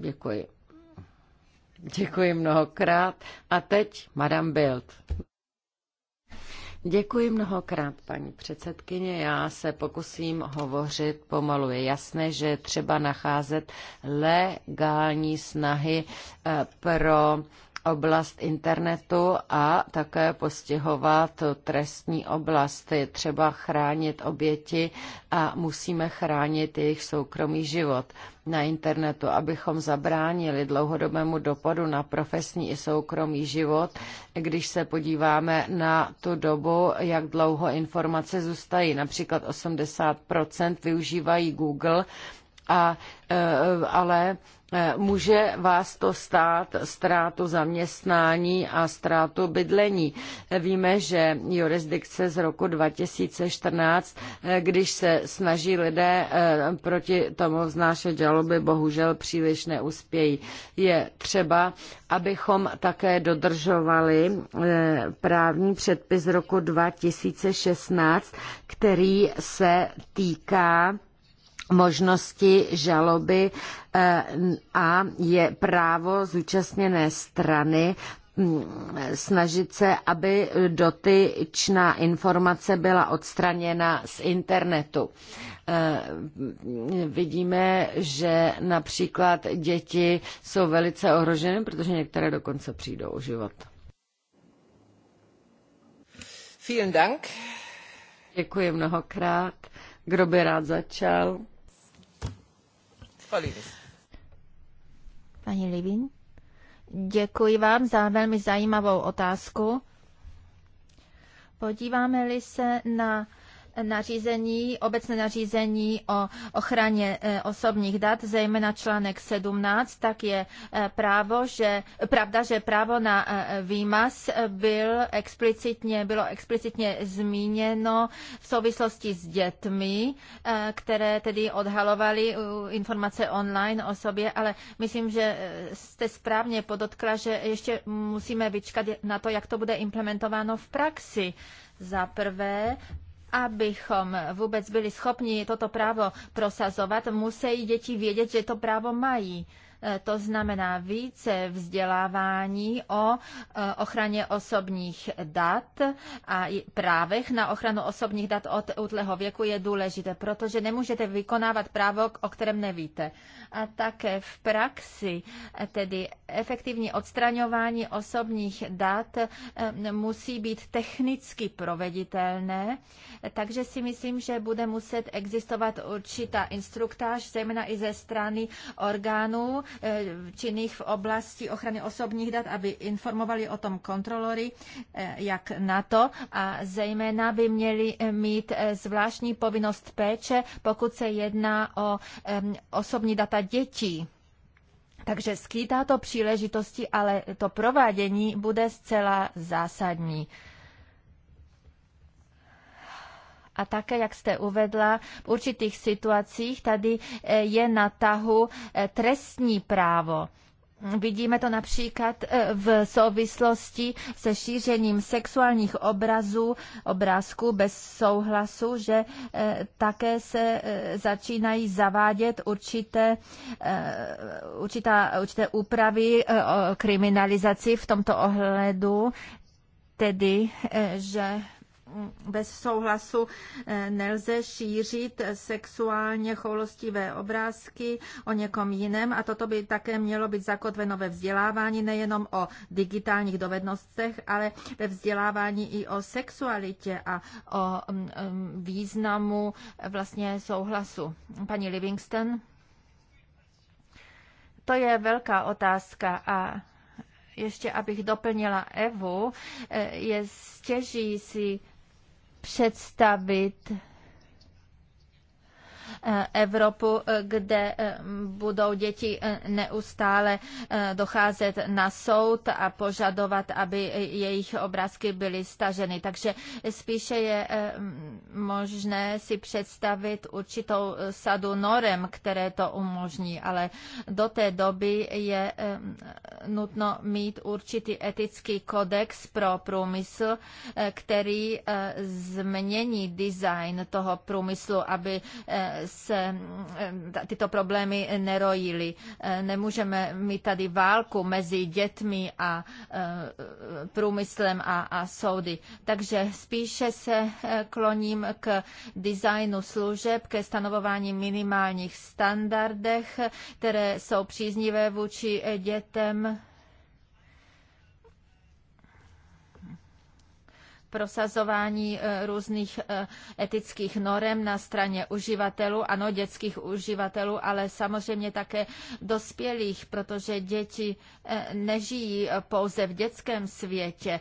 děkuji. Děkuji mnohokrát. A teď Madame Bild. Děkuji mnohokrát, paní předsedkyně. Já se pokusím hovořit pomalu. Je jasné, že třeba nacházet legální snahy eh, pro oblast internetu a také postihovat trestní oblast. Je třeba chránit oběti a musíme chránit jejich soukromý život na internetu, abychom zabránili dlouhodobému dopadu na profesní i soukromý život, když se podíváme na tu dobu, jak dlouho informace zůstají. Například 80% využívají Google, a, e, ale Eh, může vás to stát ztrátu zaměstnání a ztrátu bydlení. Eh, víme, že jurisdikce z roku 2014, eh, když se snaží lidé proti tomu vznášet žaloby, bohužel příliš neuspějí. Je třeba, abychom také dodržovali právní předpis roku 2016, který se týká možnosti žaloby eh, a je právo zúčastněné strany mm, snažit se, aby dotyčná informace byla odstraněna z internetu. Eh, vidíme, že například děti jsou velice ohroženy, protože některé dokonce přijdou o život. Vielen Dank. Děkuji mnohokrát. Kdo by rád začal? Pani Livin, děkuji vám za
velmi zajímavou otázku. Podíváme-li se na nařízení, obecné nařízení o ochraně eh, osobních dat, zejména článek 17, tak je eh, právo, že, pravda, že právo na eh, výmaz byl explicitně, bylo explicitně zmíněno v souvislosti s dětmi, které tedy odhalovaly informace online o sobě, ale myslím, že jste správně podotkla, že ještě musíme vyčkat na to, jak to bude implementováno v praxi. Za prvé, abychom vůbec byli schopni toto právo prosazovat, musí děti vědět, že to právo mají. Eh, to znamená více vzdělávání o eh, ochraně osobních dat a právech na ochranu osobních dat od útleho věku je důležité, protože nemůžete vykonávat právo, o kterém nevíte. A také v praxi, eh, tedy efektivní odstraňování osobních dat musí být technicky proveditelné, takže si myslím, že bude muset existovat určitá instruktáž, zejména i ze strany orgánů Eh, činných v oblasti ochrany osobních dat, aby informovali o tom kontrolory, eh, jak na to a zejména by měli eh, mít zvláštní povinnost péče, pokud se jedná o osobní data dětí. Takže skýtá to příležitosti, ale to provádění bude zcela zásadní. A také, jak jste uvedla, v určitých situacích tady eh, je na tahu eh, trestní právo. Vidíme to například eh, v souvislosti se šířením sexuálních obrazů, obrázků bez souhlasu, že také se začínají zavádět určité, určitá, určité úpravy kriminalizaci v tomto ohledu, tedy, že bez souhlasu eh, nelze šířit sexuálně choulostivé obrázky o někom jiném a toto by také mělo být zakotveno ve vzdělávání nejenom o digitálních dovednostech, ale ve vzdělávání i o sexualitě a o mm, mm, významu eh, vlastně souhlasu. Paní Livingston? To je velká otázka a ještě abych doplnila Evu, eh, je stěží si představit Evropu, kde eh, budou děti eh, neustále eh, docházet na soud a požadovat, aby jejich obrázky byly staženy. Takže spíše je možné si představit určitou sadu norem, které to umožní, ale do té doby je nutno mít určitý etický kodex pro průmysl, který změní design toho průmyslu, aby se eh, tyto problémy nerojily. Eh, nemůžeme mít tady válku mezi dětmi a eh, průmyslem a, a soudy. Takže spíše se kloním k designu služeb, ke stanovování minimálních standardech, které jsou příznivé vůči dětem prosazování e, různých e, etických norem na straně uživatelů, ano, dětských uživatelů, ale samozřejmě také dospělých, protože děti e, nežijí pouze v dětském světě.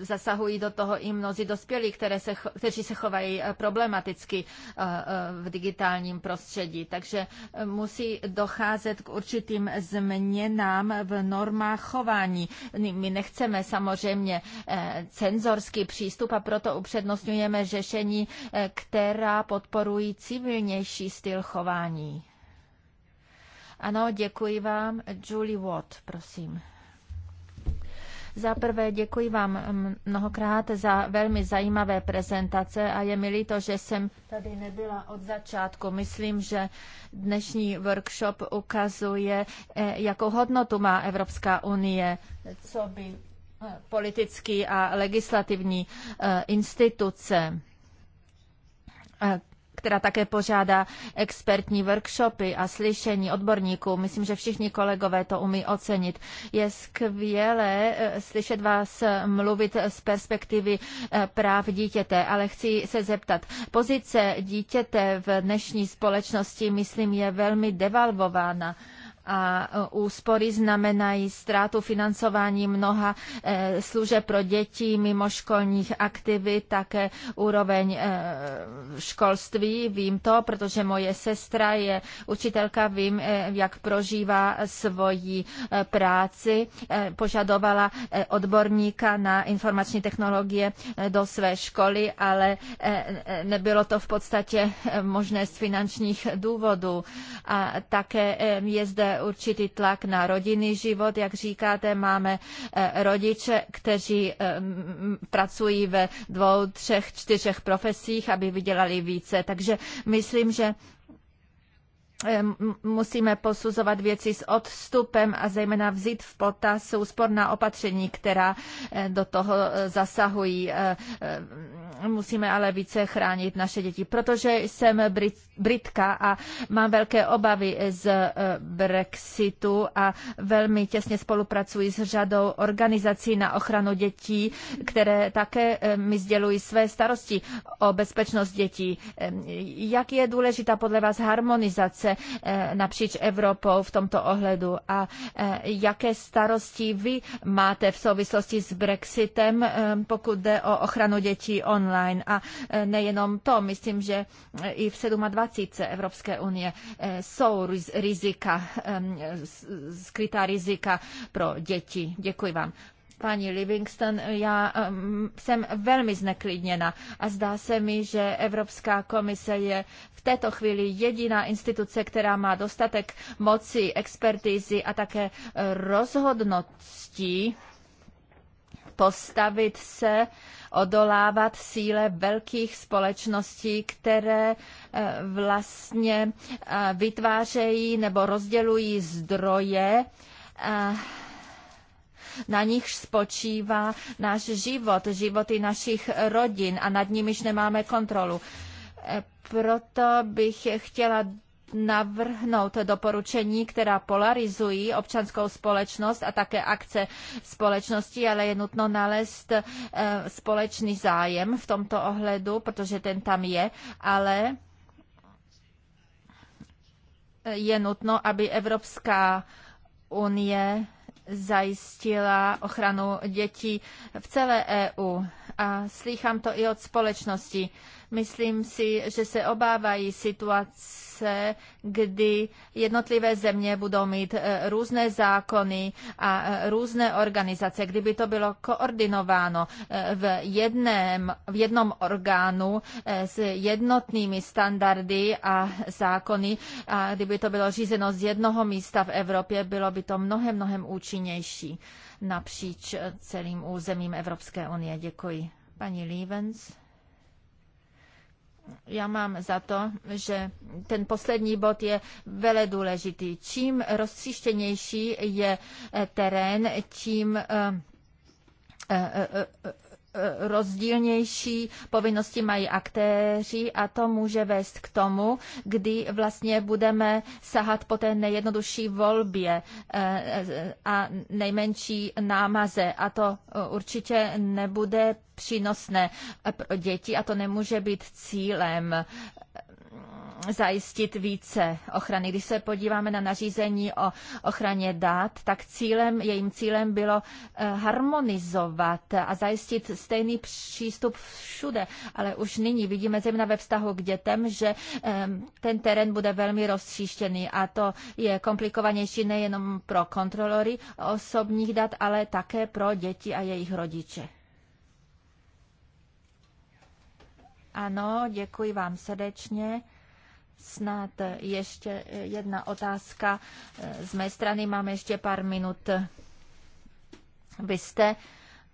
Zasahují do toho i mnozí dospělí, které se, kteří se chovají problematicky v digitálním prostředí. Takže musí docházet k určitým změnám v normách chování. My nechceme samozřejmě celý cenzorský přístup a proto upřednostňujeme řešení, eh, která podporují civilnější styl chování. Ano, děkuji vám. Julie Watt, prosím. Za prvé děkuji vám mnohokrát za velmi zajímavé prezentace a je mi líto, že jsem tady nebyla od začátku. Myslím, že dnešní workshop ukazuje, eh, jakou hodnotu má Evropská unie, co by politický a legislativní eh, instituce, eh, která také pořádá expertní workshopy a slyšení odborníků. Myslím, že všichni kolegové to umí ocenit. Je skvělé eh, slyšet vás mluvit z perspektivy práv dítěte, ale chci se zeptat. Pozice dítěte v dnešní společnosti, myslím, je velmi devalvována a úspory znamenají ztrátu financování mnoha eh, služeb pro děti, mimoškolních aktivit, také úroveň eh, školství. Vím to, protože moje sestra je učitelka, vím, eh, jak prožívá svoji práci. Požadovala odborníka na informační technologie do své školy, ale nebylo to v podstatě možné z finančních důvodů. A také je zde určitý tlak na rodinný život. Jak říkáte, máme eh, rodiče, kteří eh, pracují ve dvou, třech, čtyřech profesích, aby vydělali více. Takže myslím, že eh, musíme posuzovat věci s odstupem a zejména vzít v potaz úsporná opatření, která do toho zasahují. Musíme ale více chránit naše děti, protože jsem Brit Britka a mám velké obavy z eh, Brexitu a velmi těsně spolupracuji s řadou organizací na ochranu dětí, které také eh, mi sdělují své starosti o bezpečnost dětí. Eh, jak je důležitá podle vás harmonizace napříč Evropou v tomto ohledu a jaké starosti vy máte v souvislosti s Brexitem, pokud jde o ochranu dětí online a nejenom to, myslím, že i v 27 dvacítce Evropské unie eh, jsou rizika, skrytá rizika pro děti. Děkuji vám. Pani Livingston, já um, jsem velmi zneklidněna a zdá se mi, že Evropská komise je v této chvíli jediná instituce, která má dostatek moci, expertízy a také rozhodností postavit se uh, odolávat síle velkých společností, které eh, vlastně eh, vytvářejí nebo rozdělují zdroje, eh, na nichž spočívá náš život, životy našich rodin a nad nimiž nemáme kontrolu. Proto bych chtěla navrhnout doporučení, která polarizují občanskou společnost a také akce společnosti, ale je nutno nalézt eh, společný zájem v tomto ohledu, protože ten tam je, ale je nutno, aby Evropská unie zajistila ochranu dětí v celé EU. A slýchám to i od společnosti. Myslím si, že se obávají situace, kdy jednotlivé země budou mít eh, různé zákony a eh, různé organizace. Kdyby to bylo koordinováno eh, v, jedném, v jednom orgánu s jednotnými standardy a zákony, a kdyby to bylo řízeno z jednoho místa v Evropě, bylo by to mnohem, mnohem účinnější napříč celým územím Evropské unie. Děkuji. Paní Lievens já mám za to, že ten poslední bod je vele důležitý. Čím rozstříštěnější je eh, terén, tím eh, eh, rozdílnější povinnosti mají aktéři a to může vést k tomu, kdy vlastně budeme sahat po té nejjednodušší volbě eh, eh, a nejmenší námaze a to eh, určitě nebude přínosné pro děti a to nemůže být cílem zajistit více ochrany. Když se podíváme na nařízení o ochraně dát, tak cílem, jejím cílem bylo eh, harmonizovat a zajistit stejný přístup všude. Ale už nyní vidíme zejména ve vztahu k dětem, že ehm, ten terén bude velmi rozšíštěný a to je komplikovanější nejenom pro kontrolory osobních dat, ale také pro děti a jejich rodiče. Ano, děkuji vám srdečně. Snad ještě jedna otázka z mé strany. Máme ještě pár minut. Vy jste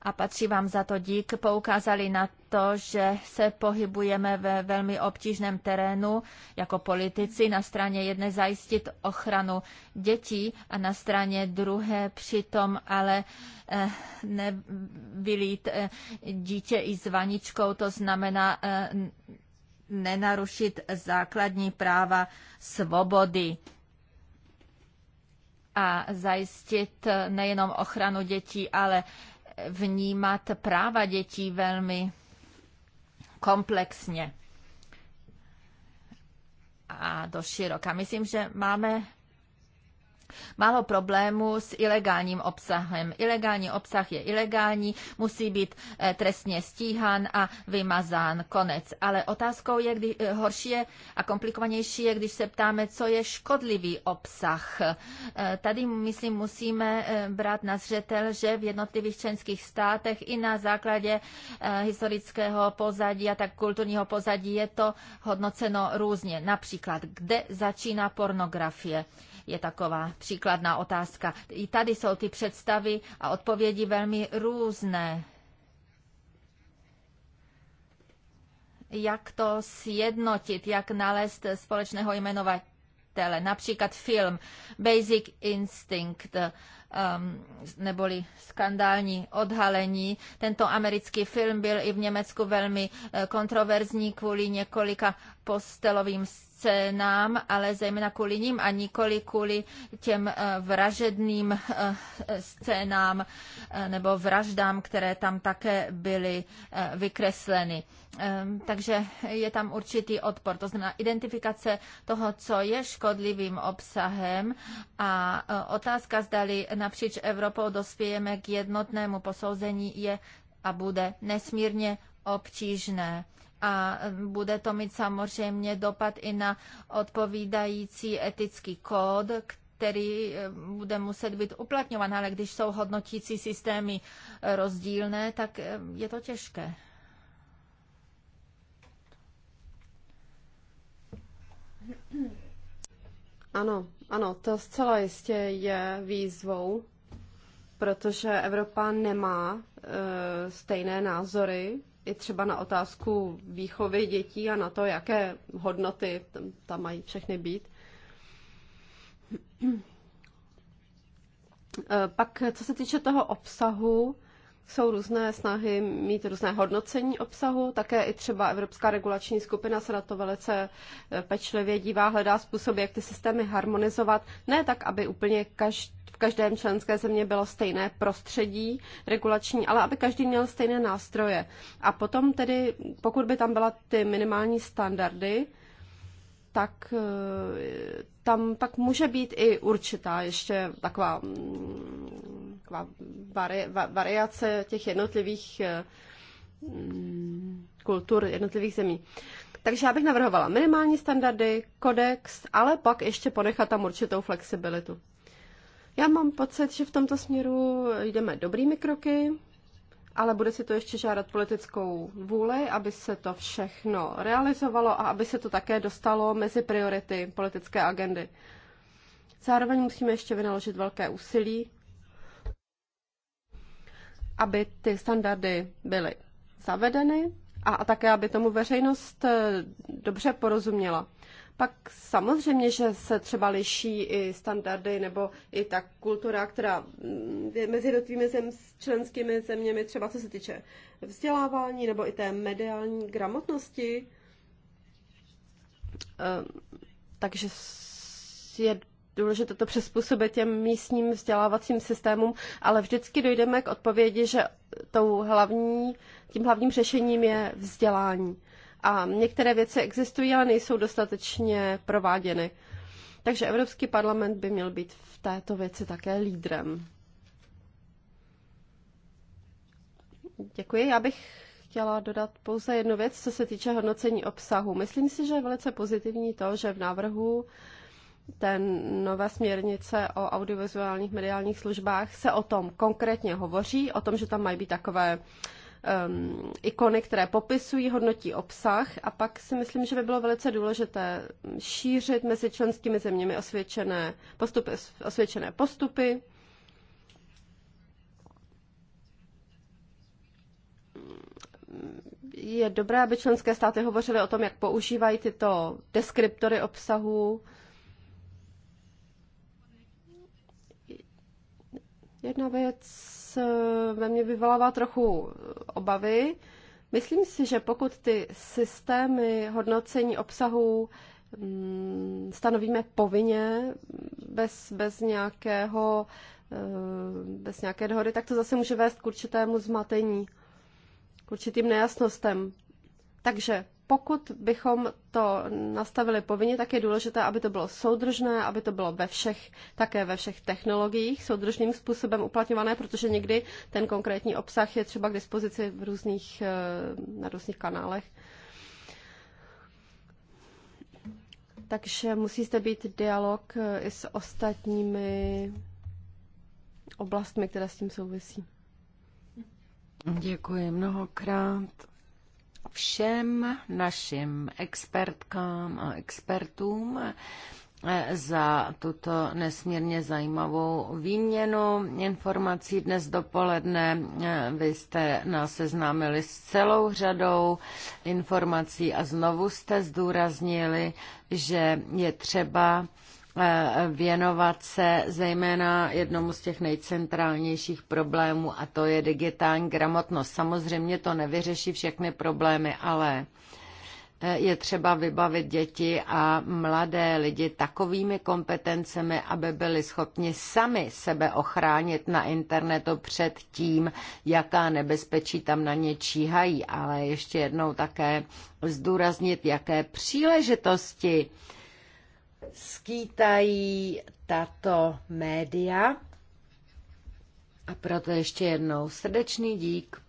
a patří vám za to dík, poukázali na to, že se pohybujeme ve velmi obtížném terénu jako politici. Na straně jedné zajistit ochranu dětí a na straně druhé přitom ale eh, nevylít eh, dítě i s vaničkou, to znamená eh, nenarušit základní práva svobody a zajistit nejenom ochranu dětí, ale vnímat práva dětí velmi komplexně a doširoka. Myslím, že máme málo problémů s ilegálním obsahem. Ilegální obsah je ilegální, musí být eh, trestně stíhán a vymazán. Konec. Ale otázkou je, kdy, eh, horší je a komplikovanější je, když se ptáme, co je škodlivý obsah. Eh, tady, myslím, musíme brát na zřetel, že v jednotlivých členských státech i na základě historického pozadí a tak kulturního pozadí je to hodnoceno různě. Například, kde začíná pornografie je taková příkladná otázka. I tady jsou ty představy a odpovědi velmi různé. Jak to sjednotit, jak nalézt společného jmenovatele, například film Basic Instinct, eh, um, neboli skandální odhalení. Tento americký film byl i v Německu velmi eh, kontroverzní kvůli několika postelovým scénám, ale zejména kvůli ním a nikoli kvůli těm eh, vražedným eh, scénám eh, nebo vraždám, které tam také byly vykresleny. Ehm, takže je tam určitý odpor. To znamená identifikace toho, co je škodlivým obsahem a otázka, zdali napříč Evropou dospějeme k jednotnému posouzení, je a bude nesmírně obtížné a bude to mít samozřejmě dopad i na odpovídající etický kód, který eh, bude muset být uplatňován, ale když jsou hodnotící systémy eh, rozdílné, tak eh, je to těžké.
Ano, ano, to zcela jistě je výzvou, protože Evropa nemá e, stejné názory i třeba na otázku výchovy dětí a na to, jaké hodnoty tam mají všechny být. Eh, pak, co se týče toho obsahu, jsou různé snahy mít různé hodnocení obsahu, také i třeba Evropská regulační skupina se na to velice e, pečlivě dívá, hledá způsoby, jak ty systémy harmonizovat, ne tak, aby úplně každý v každém členské země bylo stejné prostředí regulační, ale aby každý měl stejné nástroje. A potom tedy, pokud by tam byla ty minimální standardy, tak e, tam pak může být i určitá ještě taková mm, taková vari, variace těch jednotlivých eh, mm, kultur jednotlivých zemí. Takže já bych navrhovala minimální standardy, kodex, ale pak ještě ponechat tam určitou flexibilitu. Já mám pocit, že v tomto směru jdeme dobrými kroky, ale bude si to ještě žádat politickou vůli, aby se to všechno realizovalo a aby se to také dostalo mezi priority politické agendy. Zároveň musíme ještě vynaložit velké úsilí aby ty standardy byly zavedeny a, a také, aby tomu veřejnost eh, dobře porozuměla. Pak samozřejmě, že se třeba liší i standardy nebo i ta kultura, která mm, je mezi jednotlivými zem, členskými zeměmi, třeba co se týče vzdělávání nebo i té mediální gramotnosti. Ehm, takže je důležité to přizpůsobit těm místním vzdělávacím systémům, ale vždycky dojdeme k odpovědi, že tou hlavní, tím hlavním řešením je vzdělání. A některé věci existují, ale nejsou dostatečně prováděny. Takže Evropský parlament by měl být v této věci také lídrem. Děkuji. Já bych chtěla dodat pouze jednu věc, co se týče hodnocení obsahu. Myslím si, že je velice pozitivní to, že v návrhu ten nové směrnice o audiovizuálních mediálních službách se o tom konkrétně hovoří, o tom, že tam mají být takové um, ikony, které popisují, hodnotí obsah a pak si myslím, že by bylo velice důležité šířit mezi členskými zeměmi osvědčené postupy, osvědčené postupy je dobré, aby členské státy hovořily o tom, jak používají tyto deskriptory obsahu, Jedna věc eh, ve mně vyvolává trochu eh, obavy. Myslím si, že pokud ty systémy hodnocení obsahu mm, stanovíme povinně, mm, bez, bez nějakého eh, bez nějaké dohody, tak to zase může vést k určitému zmatení, k určitým nejasnostem. Takže pokud bychom to nastavili povinně, tak je důležité, aby to bylo soudržné, aby to bylo ve všech, také ve všech technologiích soudržným způsobem uplatňované, protože někdy ten konkrétní obsah je třeba k dispozici v různých, eh, na různých kanálech. Takže musí zde být dialog eh, i s ostatními oblastmi, které s tím souvisí.
Děkuji mnohokrát všem našim expertkám a expertům eh, za tuto nesmírně zajímavou výměnu informací dnes dopoledne. Eh, vy jste nás seznámili s celou řadou informací a znovu jste zdůraznili, že je třeba Eh, věnovat se zejména jednomu z těch nejcentrálnějších problémů a to je digitální gramotnost. Samozřejmě to nevyřeší všechny problémy, ale eh, je třeba vybavit děti a mladé lidi takovými kompetencemi, aby byli schopni sami sebe ochránit na internetu před tím, jaká nebezpečí tam na ně číhají, ale ještě jednou také zdůraznit, jaké příležitosti skýtají tato média. A proto ještě jednou srdečný dík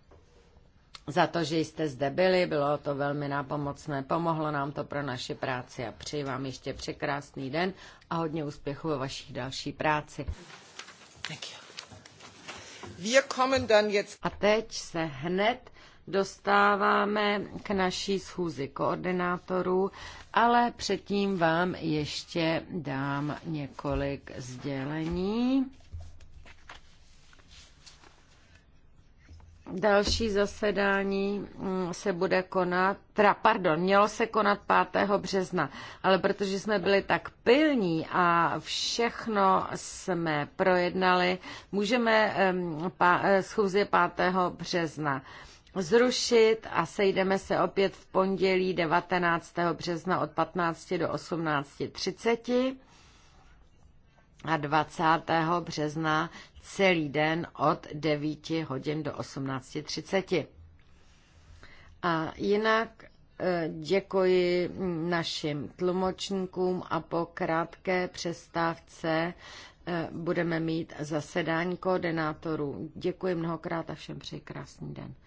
za to, že jste zde byli. Bylo to velmi nápomocné, pomohlo nám to pro naše práci a přeji vám ještě překrásný den a hodně úspěchu ve vaší další práci. A teď se hned dostáváme k naší schůzi koordinátorů, ale předtím vám ještě dám několik sdělení. Další zasedání mm, se bude konat, teda pardon, mělo se konat 5. března, ale protože jsme byli tak pilní a všechno jsme projednali, můžeme eh, schůzi 5. března zrušit a sejdeme se opět v pondělí 19. března od 15 do 18.30 a 20. března celý den od 9 hodin do 18.30. A jinak eh, děkuji našim tlumočníkům a po krátké přestávce eh, budeme mít zasedání koordinátorů. Děkuji mnohokrát a všem přeji krásný den.